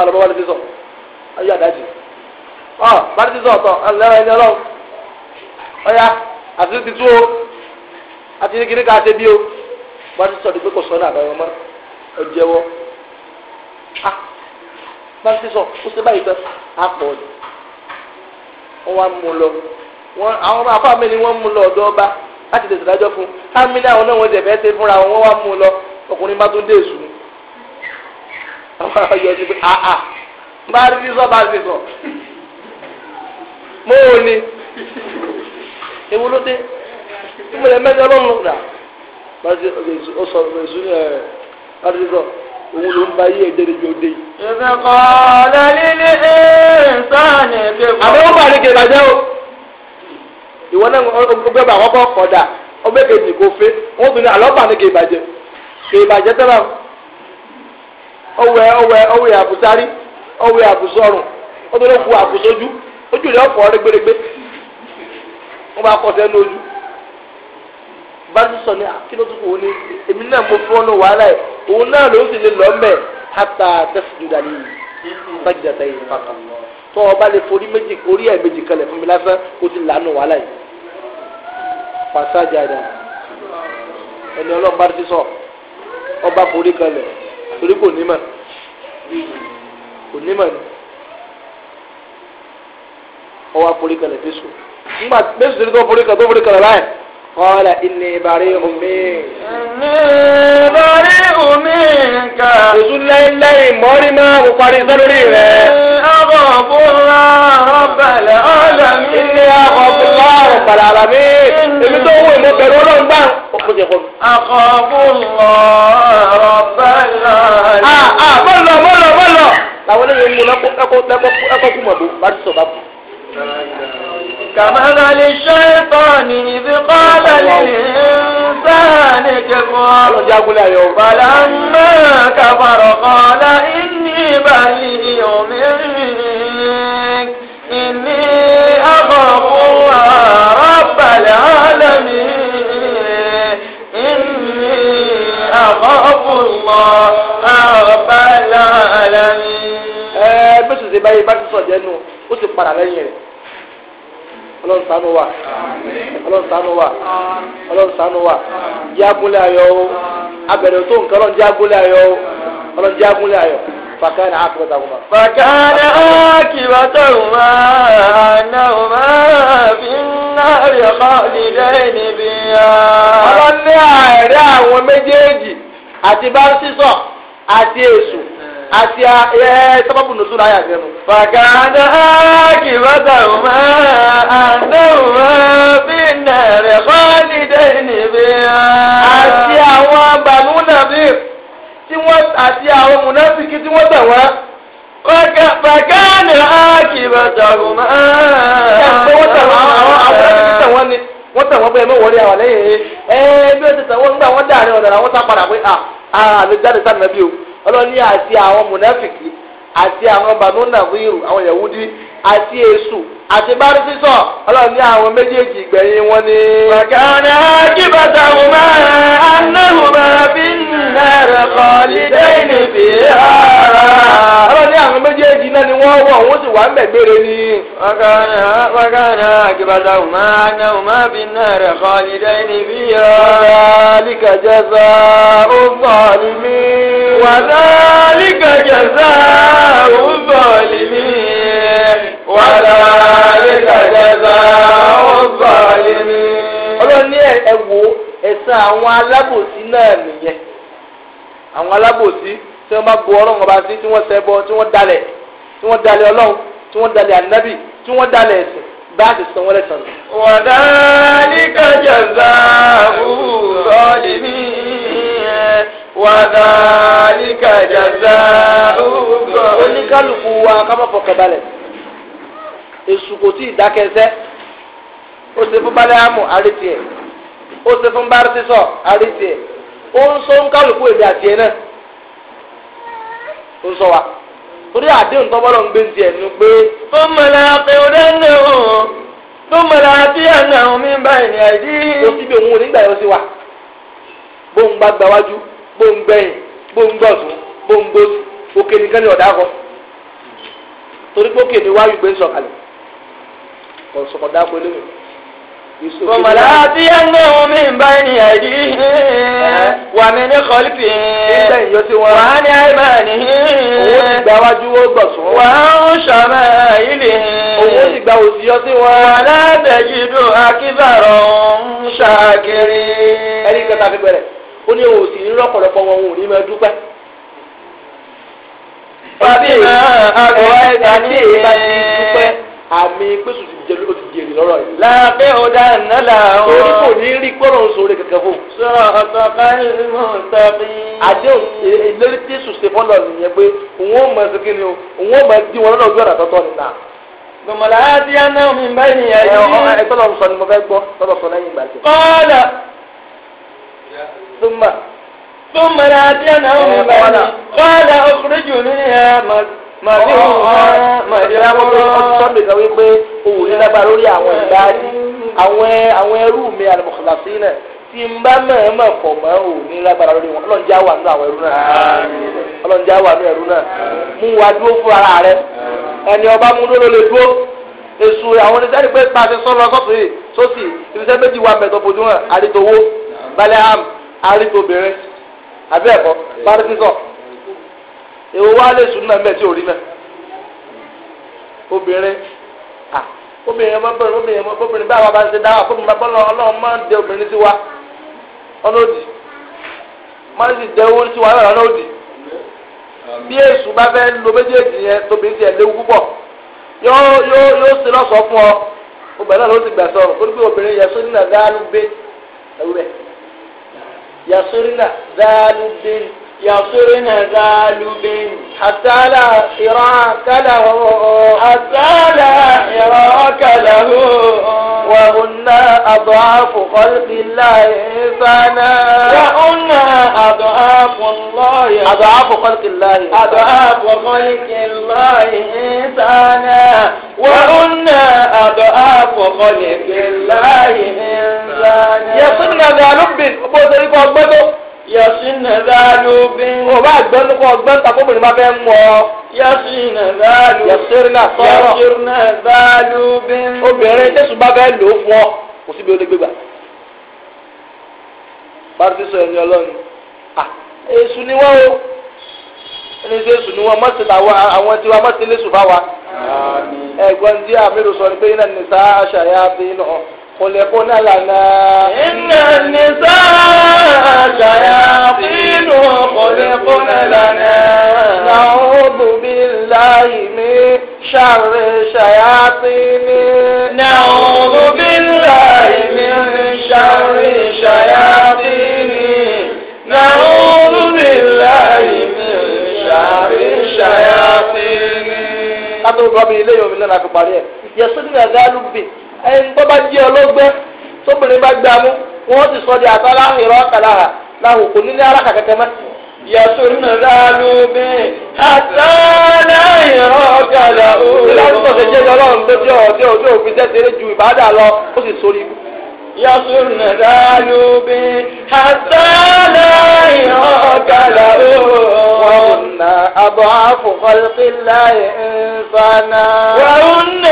Ah, ọ bàtí sọ̀tọ̀ ẹlẹ́wọ̀ ẹni ọlọ́run ọ̀yá àti ti tú o àti ní kíní ká ṣe bí o bàtí sọ̀tọ̀ pé kò sọ́nà àbẹ̀wò mọ́ ọ jẹ́wọ́ a ah, bàtí sọ ó ṣe báyìí fẹ́ àpọ̀ ọ̀dọ̀ wọ́n wá mú lọ wọ́n àwọn ọmọ afáàmì ni wọ́n mú lọ ọ̀dọ̀ ọba láti lè ṣèdájọ́ fún ámì ní àwọn náà wọ́n jẹ̀ fẹ́ ṣe fúnra wọn wá mú lọ ọkùnrin bá tún dé èṣù àwọn ọ̀yọ́ ti pé àà ah, bá rí sọ́ bá mọ́wó ni ewu ló ìmọ̀lẹ̀ mẹ́ta ló ń lọ rà láti ọ sọ ẹ láti òun ló ń bá yé ẹ̀jẹ̀ níbi òde yìí. ìsìnkọ́ lẹ́lẹ́lẹ́ sọ́ọ̀nì ìgbẹ́kọ̀. àbẹ̀wò bàrí kẹ̀lájẹ́ o ìwọ náà ọgbẹ́ bá àkọ́kọ́ kọ̀dà ọgbẹ́ kejì kò fẹ́ wọ́n tún ní àlọ́bà ní kẹ̀bàjẹ́ kẹ̀bàjẹ́ tẹ́lá àbùsárí àbùsọ̀rùn ó ojú rẹ̀ ọ̀pọ̀ rẹ́gbẹ̀rẹ́gbẹ́ wọ́n bá kọ́ sẹ́nu ojú bá tún sọ ní akínótúkù ah, òun ni èmi náà mo fún ọ́nà wàhálà ẹ̀ òun náà ló sì lè lọ́mẹ̀ hàtà tẹ́sídùdà ní sájìdàtà yìí pàtó tó ọba lè forí méjì orí ẹ̀ méjì kalẹ̀ fún mi lásán kó ti lànà wàhálà yìí pàṣájà dà ẹni ọlọ́ba ti sọ ọba forí kalẹ̀ torí kò ní mọ̀ kò ní mọ̀ ni ọwọ́ forí kalẹ̀ fésù ńgbà fésù tó ní kó forí kalẹ̀ tó forí kalẹ̀ báyìí kọ́lá ìní ìbàrí omi. ìní ìbàrí omi kà. fésù lẹ́yìnlẹ́yìn mọ́rí máa kó parí iṣẹ́ lórí rẹ̀. ọbọ̀ búra ọbẹ̀lẹ̀ ọ̀làmí. ìní ọkọ̀ búra ọbẹ̀lẹ̀ ọ̀làmí. èmi tó wù mí bẹ̀rù ọlọ́run gbà. akọ̀ búra a a bọ́lọ̀ bọ́lọ̀ bọ́lọ̀. làwọn eléyìí ń mú ẹkọ kú mọ̀ كمثل الشيطان إذ قال للإنسان كفر فلما كفر قال إني بريء منك إني أخاف رب العالمين إني أخاف الله رب العالمين. بس زي ما يبقى padà lẹ́yìn rẹ̀ ọlọ́run ṣàánú wa ọlọ́run ṣàánú wa ọlọ́run ṣàánú wa jẹ́ agúnlẹ̀ ayọ̀ o abẹ̀rẹ̀ tó nǹkan ọlọ́run jẹ́ agúnlẹ̀ ayọ̀ o ọlọ́run jẹ́ agúnlẹ̀ ayọ̀ fàkàrà àkùbọ̀tà kùmà. fàkàrà àkùbọ̀tà kùmà ànáwùmá fi ń náàrí ọmọ ìdílé níbi ya. ọlọ́run ní àárẹ̀ àwọn méjèèjì àti bá ń sísọ àti èṣù àti a, sábàbù nùsùn láyà sẹ́nu. fàkàdà ákì bàtà ọmọ àdáwọ̀ bí nàrẹ̀ kọ́lídé níbí. àti àwọn bàmúnàbí tí wọ́n àti àwọn mùnàfíkì tí wọ́n tẹ̀ wọ́n. fàkàdà wọ́n tẹ̀ wọ́n ni bẹ́ẹ̀ wọlé àwọn bí ti wọ́n wọ́n sá padà pé o. ọlọ́ni àti àwọn mùnáfìkì àti àwọn bànú nàbírù àwọn Yahudi àti èṣù àti bárí sísọ ọlọ́run ní àwọn méjèèjì gbẹ̀yìn wọn ni. ọ̀gáni ajíbàtà ọmọ anáhùnmá bí nàrà ara. ọlọ́run ní àwọn méjèèjì náà ni wọ́n wọ́n sì wà ń ni. anáhùnmá bí jẹ́sà ó jẹ́sà ó وذلك جزاء الظالمين ni ní ẹ wo ẹ̀san àwọn alábòsí náà nìyẹn àwọn alábòsí tí wọ́n bá bu ọlọ́run ọba sí tí wọ́n ṣẹbọ tí wọ́n dalẹ̀ tí wọ́n dalẹ̀ ọlọ́run tí wọ́n dalẹ̀ ànábì tí wọ́n dalẹ̀ ẹ̀sìn bá a ti san wọ́n lẹ́san. وذلك جزاء الظالمين وذلك جزاء الظالمين. oníkálukú wa ká má fọkàn balẹ̀ èṣù kò tí ì dákẹ́sẹ́ ó ṣe fún báláàmù àrètí ẹ̀ ó ṣe fún bárísísọ̀ àrètí ẹ̀ ó ń sọ ń kálukú èdè àti ẹ̀ náà ó sọ wa torí àdéhùn tọ́bọ́lọ́ ń gbé ń tiẹ̀ pé. ó mọ̀lá pé ó dáná o tó mọ̀lá bí àná àwọn mi bá ìrìn àìdí. ó síbi òun onígbà yọ sí wa bóun bá gbáwájú bóun gbẹ̀yìn bóun gbọ̀tún bóun gbòsì òkè nìkan ni ọ̀dà kọ torí pé òkè ni wáyù gbé ń sọ̀kalẹ̀ kò sọkọ dáko lóyún. Kòmọ̀lá tí yẹn ń gbọ́ mi ń bá ẹni àìdí wà mí ní kọ́lípì. Nígbà ìyọ́ tí wọ́n. Wàá ní àìmọ̀ ní. Owó ti gba wájú ó gbọ̀ sún. Wàá ń ṣàmà ilé. Owó ti gba òsì yọ sí wọn. Wàlá tẹ̀jìdù akíbàrọ̀ ń ṣàkiri. Ẹni kẹta fi bẹ̀rẹ̀, ó ní òsì ní lọ́pọ̀lọpọ̀ wọn ò ní máa dúpẹ́. Bàbí àgbọ̀ ẹ̀dá àmì pẹ̀sù ti jẹ́ ló ti jèrè lọ́rọ̀ yìí. lábẹ́ ọ̀dà nàlà ọ̀. torí kò ní rí gbọ́dọ̀ sóore kankan fún. sọ̀rọ̀ ọ̀tọ̀ báyìí mọ̀ sábì. àdéhùn ìlérí e, e, tí èsù ṣe fọ́lọ̀ nìyẹn pé òun ó mọ ẹsẹ̀ kínní o òun ó mọ ẹdí wọn lọ́dọ̀ ojú ọ̀nà tọ́tọ́ nìta. gbọ̀mọ̀lá àti àná mi báyìí yẹn. ẹ tọ́lọ̀ sọ ni mo fẹ́ màdí wọn màdí wọn ọtún mi kan wípé òwò yìí lábàá lórí àwọn ìbáàdì àwọn àwọn ẹrú mi àlùmọ̀kàlàsí náà tí n bá mọ̀ọ́mọ̀ fọ̀ mọ́ ò ní lágbára lórí wọn ọlọ́njẹ́ àwọn àánú àwọn ẹrú náà ọlọ́njẹ́ àwọn àánú ẹrú náà mú wa dúró fún ara rẹ ẹni ọba mú dúró lè dúró èso àwọn oníṣẹ́ ni pé pàṣẹ sọ́lọ sọ́sì sọ́sì ibiṣẹ́ méjì wa mẹ́tọ́ fojú hàn àrítowó balẹ̀ ham àrítobìnrin àbí ẹ̀kọ́ bá èwo wá lè na náà ti òrí náà obìnrin a obìnrin ọmọ bẹ̀rẹ̀ obìnrin ọmọ obìnrin bá wa bá ṣe dáwà fún mi bá ọlọ́run máa ń dẹ obìnrin sí wa ọlọ́dì máa ń sì dẹ owó sí wa ọlọ́dì bí èṣù bá fẹ́ lo méjèèjì yẹn tóbi sí ẹ̀ léwu púpọ̀ yóò yóò yóò ṣe lọ́sọ̀ọ́ fún ọ obìnrin náà ló ti gbà sọ̀rọ̀ obìnrin yẹn يغفرن ذالب حتى لا حراك له حتى لا حراك له وهن أضعاف خلق الله إنسانا وهن أضعاف الله أضعاف خلق الله أضعاف خلق الله إنسانا وهن أضعاف خلق الله إنسانا يصلنا ذا لب بوزيك وأبدو yasina zaalu bin. o b'a gbọ́ nípa ọgbọ́n ta kó bìnrin bá fẹ́ mọ̀ ọ́. yasina zaalu. yasirina sọ̀rọ̀. yasirina zaalu bin. obìnrin jésù bá fẹ́ lò ó fún ọ kò síbi olè gbégbà. pàtí sọ ẹni ọlọ́run. èṣù ni wọ́n o ẹni tí èṣù ni wọ́n mọ̀sí làwọn àwọn tiwa mọ̀sí lẹ́sùn bá wa. ẹ̀gbọ́n tí àmì rò sọ ni pé iná nìta àṣà yá خلقنا لنا إن النساء شياطين خلقنا لنا نعوذ بالله من شر شياطين نعوذ بالله من شر شياطين نعوذ بالله من شر شياطين. قد ربي إليه ومن لنا في البارية يصدق ذلك ẹni tó bá jẹ́ ọlọ́gbẹ́ tóbìnrin bá gbà mú sọ di àtọ́ láhìrọ́ kàláhà láhùn kò ní ní aláka kẹkẹ mọ́. yasunu lálùbí àtọ́ láhìrọ́ kàláhà. ìlànà tó ṣe jẹ́ ọlọ́run lójú ọ̀dẹ́ òjò òfin tẹ́tẹ́rẹ́ ju ìbádà lọ ó sì يصرن ذنوبي حتى لا يعق له وهن أضعاف خلق الله إنسانا وهن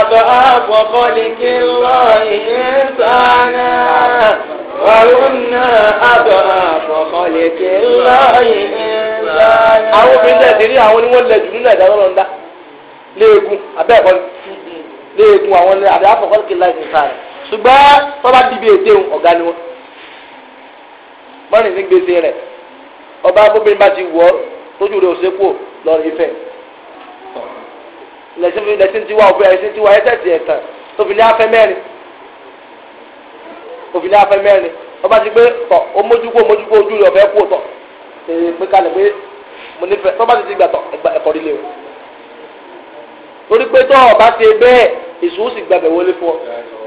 أضعاف خلق الله إنسانا وهن أضعاف خلق الله إنسانا àwọn obìnrin náà ti rí àwọn oníwọ̀n lẹ̀ jù nínú ẹ̀dá lọ́rọ̀ ńlá léegun abẹ́ẹ̀kọ́ léegun àwọn ni àdéhàfọ̀ kọ́lùkì láì ṣùgbọ́n tọ́ba dìbì ète ń ọ̀gá ni wọn. mọ́rin sí gbèsè rẹ̀ ọba abóbìnrin bá ti wọ̀ ọ́ tójú rẹ̀ ò sépò lọ́rọ̀ ìfẹ́. lẹ́sìn tiwa òfin ẹ̀sìn tiwa ẹ̀sẹ̀ tiẹ̀ tán tófin ní afẹ́ mẹ́rin òfin ní afẹ́ mẹ́rin ọba ti gbé tọ̀ ó mójúkó mójúkó ojú rẹ̀ ọ̀fẹ́ kú tọ̀ pé kalẹ̀ pé mo nífẹ̀ẹ́ tọ́ba ti ti gbà tọ̀ ẹ̀kọ́ nílé o. torí pé tọ́ ọba ti bẹ́ẹ̀ ìṣòwò sì gbàgbẹ́ wọlé fún ọ.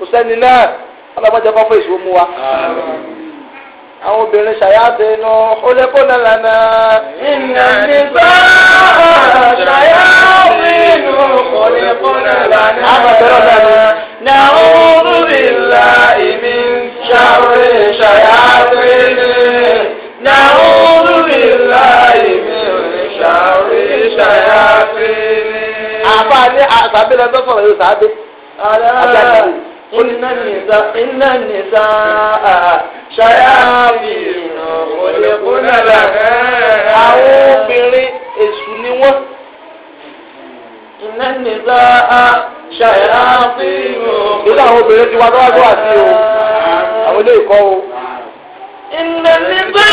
kò sẹ́ni náà ọlọ́mọdé kọ́ fèsì ó mú wa. àwọn obìnrin ṣàyàtọ̀ inú olẹ́kọ̀ọ́nà lànà. iná nígbà ṣàyàtọ̀ inú olẹ́kọ̀ọ́nà lànà. àbàbẹ̀rẹ̀ lànà. na'udhu billahi min sharri ṣàyàtọ̀ inú. na'udhu billahi min sharri ṣàyàtọ̀ inú. àbá ní àgbàbí lọ sọ́sọ̀rọ̀ yóò sáábé. àgbàbí. إن النساء إن النساء شياطين خلقن لها àwọn obìnrin èṣù ni wọ́n. Iná nìta ṣàyàfin. Nínú àwọn obìnrin ti wá lọ́wọ́ àti o, àwọn ilé ìkọ́ o. Iná nìta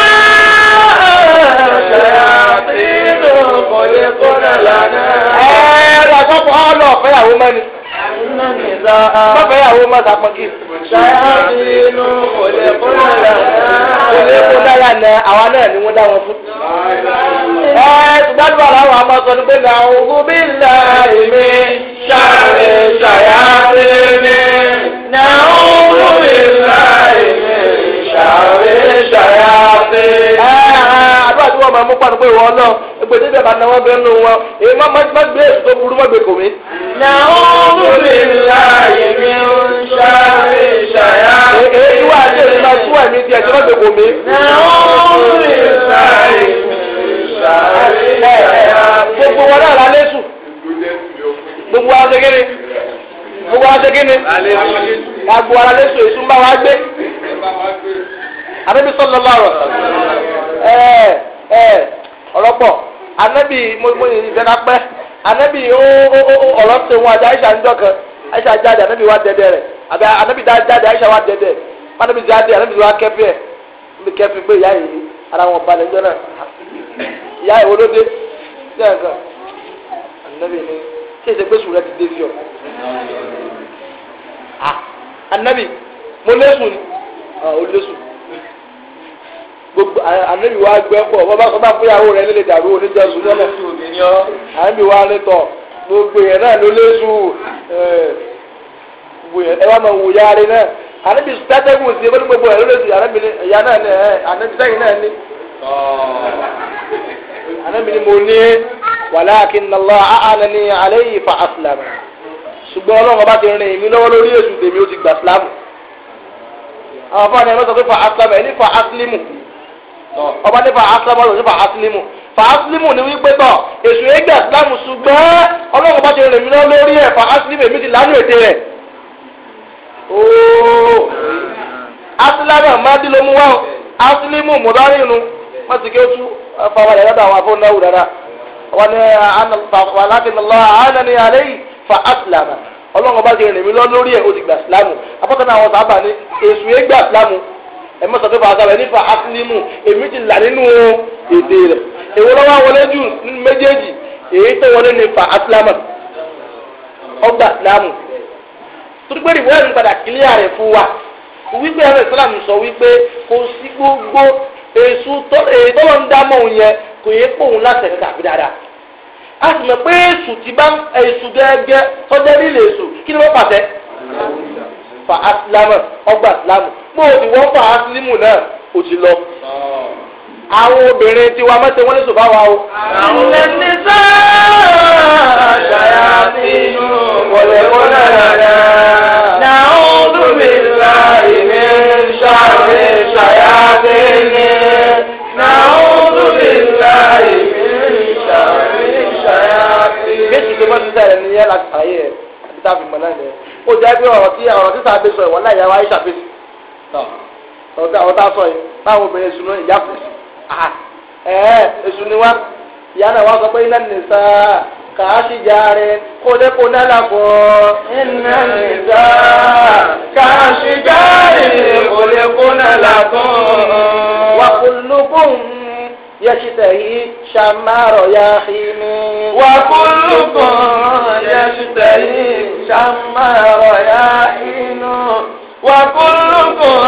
ṣàyàfin kò lè kó nàlànà. Ẹ̀ẹ́dàgbọ́n ọlọ́ọ̀fẹ́ àwọn mẹ́rin. Bọ́fẹ́ ìyàwó máa sàpọ̀ kí. Ṣáàbì inú kò lè kó dára náà. Kò lè kó dára náà, àwa náà ni wọ́n dá wọn fún. Ẹ gbádùn aláwọ̀ a máa sọ ní pé nà ògùn bí là èmi ṣàrẹ̀ ṣàyàfẹ́ mi. Nà ògùn bí là èmi ṣàrẹ̀ mú pàdé pé ìwọ náà ẹgbẹ́ dídẹ̀ bá náwó bẹ́ẹ̀ nù wọn èyí má má má gbé èso tó burú má gbé kò mí. Nàwọn olùmí ńlá yèmí ń ṣáré ṣàyà. Èyí wà á jèrè máa tú ẹ̀mí díẹ̀ tí wọ́n gbé kò mí. Nàwọn olùmí ńlá yèmí ń ṣáré ṣàyà. Gbogbo wọn náà lálẹ́ sùn. Gbogbo wa ṣe kíni? Gbogbo wa ṣe kíni? Gbogbo wa lálẹ́ sùn èso ń bá wa gbé. Àdébísọ̀ lọ́lọ́ àrọ̀. ẹ ọlọ́pọ̀ anabi mo ní ìfẹ́ náà pẹ́ anabi ó ọ̀rọ̀ ṣe wọn àti aisha ń dọ̀kan aisha jáde anabi wa dẹ́dẹ́ rẹ̀ àbí anabi jáde aisha wa dẹ́dẹ́ anabi jáde anabi wa níbi ìyá yìí ara wọn balẹ̀ ń ìyá yìí olóde anabi ni ti dé sí ọ. anabi ah, mo lé sùn ni ọ ah, sùn. gbogbo anabi wa gbẹ pọ bọba sọba fúyàwó rẹ lè dàrú oníjọsùn lọlẹ anabi wa létọ gbogbo yẹn náà ló léṣu ẹ wà máa wò yaari náà anabi sátẹ́gùn sí ebí gbogbo yẹn ló anabi ya náà ni ẹ anabi sẹ́yìn náà ni. anabi ni mo fa aslam ṣùgbọ́n ọlọ́run ọba ti rìn mí lọ́wọ́ lórí èṣù tèmi ó ti gbà silamu àwọn fa asilamu fa asilimu. ọba nípa asilamu nípa asilimu fa asilimu ni wípé tọ èsù ẹgbẹ asilamu ṣùgbọ́n ọlọ́run bá ti rìn mí lọ lórí ẹ̀ fa asilimu èmi ti lánàá èdè rẹ̀ ooo asilamu madi ló mú wá o asilimu mùdárì nu wọ́n ti ké tú fàwọn ẹ̀yà dá àwọn afọ́nà wù dáadáa wọ́n ní alákin lọ́wọ́ àánà ni àlẹ́ yìí fa asilamu ọlọ́run bá ti rìn mí lọ lórí ẹ̀ o ti gba asilamu apákan náà àwọn sábà ní èsù ẹgbẹ asilamu. ẹ mọ sọ pé bàtà rẹ nípa asilimu èmi ti là nínú èdè rẹ èwo lọ́wọ́ wọlé jù méjèèjì èyí tó wọlé nípa asilamu ọgbà silamu torípé ìwé ẹ̀rí padà kílíà rẹ̀ fún wa wípé ẹ̀rọ sọ wípé kò sí gbogbo èso tọ́lọ̀ ń dá mọ́ òun yẹn kò yẹ kó òun láti ẹ̀ka àbí dáadáa a sì mọ̀ pé èso ti bá èso gẹ́gẹ́ tọ́jú ẹ̀rí fa asilamu ọgbà pò ìwọ́ fà á sílímù náà ó ti lọ. àwọn obìnrin tiwa mẹ́tẹ̀ wọ́n lè sọ bá wa o. àwọn ẹni sáà ṣàyà sínú wọ̀lẹ́wọ́ náírà náà ó dùn mí láì ní ṣàrí ṣàyà sínú náà ó dùn mí láì ní ṣàrí ṣàyà sínú. bí èsì ti dá ẹ̀ nìyẹn láti ṣàyẹ̀ ẹ̀ àti tá mọ̀ náà nìyẹn. ó jẹ́ pé ọ̀rọ̀ tí ọ̀rọ̀ tí sáà sọ ìwọ̀n náà yà ṣàfihàn tọ ọ̀tá ọ̀tá sọ yìí báwo bẹ̀rẹ̀ sunu ìyá fèsì ẹ̀ẹ́ èsù ni wá ìyá náà wá sọ pé iná nìsa kàáṣì járe kólékó nálà kọ́. iná nìsa kàáṣì járe kólékó nálà kọ́. wàkùlùkùn yẹsitẹ̀yì sàmárọ̀ yá hìmí. wàkùlùkùn yẹsitẹ̀yì sàmárọ̀ yá hìmí. وكلكم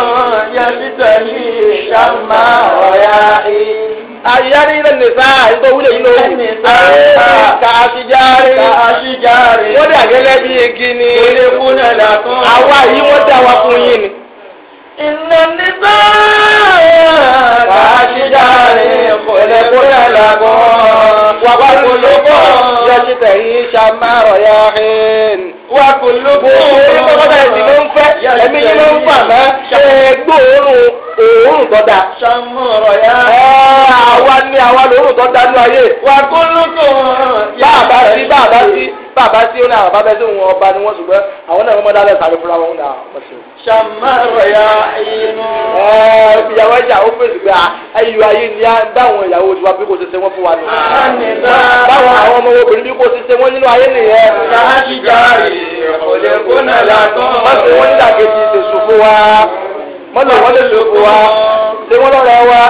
يبتلي شما ويعي àyíyárí ilẹ̀ nìsa àyíkó wúlò yìí lóhùn. nisa ka aṣijáre. ka aṣijáre. wọ́n dà gẹ́gẹ́ bí igi ni. ilé kúnlẹ̀ làkún. àwa yìí wọ́n dà wá fún yín ni. ilẹ̀ nìsa ka aṣijáre ilé kúnlẹ̀ làkún. wà wá polówó yọjú tẹ̀yìn fẹ́ ẹ̀mí yín ló fà mọ́ ẹ òórùn tó àwa ni àwa lòórùn tó da ní ayé. wà á kó lóko. bàbá sí bàbá sí bàbá sí ó ní àwọn bàbá sí òun ọba ni wọ́n ṣùgbọ́n àwọn náà wọ́n mọ́ dálẹ̀ sáré fúnra wọn náà wọ́n ṣe. sàmúrọ̀ yá inú. ẹ ìyàwó ẹja ó fèsì pé ayò ah, ayé ni á dáwọn ìyàwó ojú wa bí kò ṣe ṣe fún wa nù. báwọn àwọn ọmọ obìnrin bí kò ṣe ṣe nínú ayé nìyẹn. sáà ti jáde ọ̀lẹ́kùnà látọ̀ dàgẹ́jì ṣe ṣòfò wa mọ́tò wọ́n lè ṣòfò wa ṣé wọ́n lọ́rọ̀ wa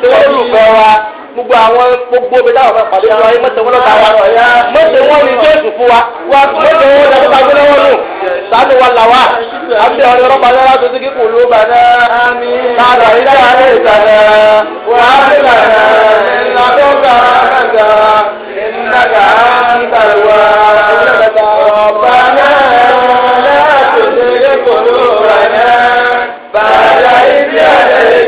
ṣé wọ́n lùfẹ́ wa gbogbo àwọn gbogbo bí táwọn máa pàdé lọ mọ̀tẹ́ wọn lọ́ta wa mọ̀tẹ́ wọn rí jésù fún wa mọ̀tẹ́ wọn lọ́ta bá gbélé wọn lò sànù wa là wa àbí ọ̀rẹ́ ọlọ́pàá náírà tó ti kíkù ló bá náà sànù ìdá rẹ̀ ìsànà wà á rí bàtà ìlànà tó gbà kàkà ìnàkà. Yeah.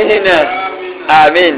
amínà amín.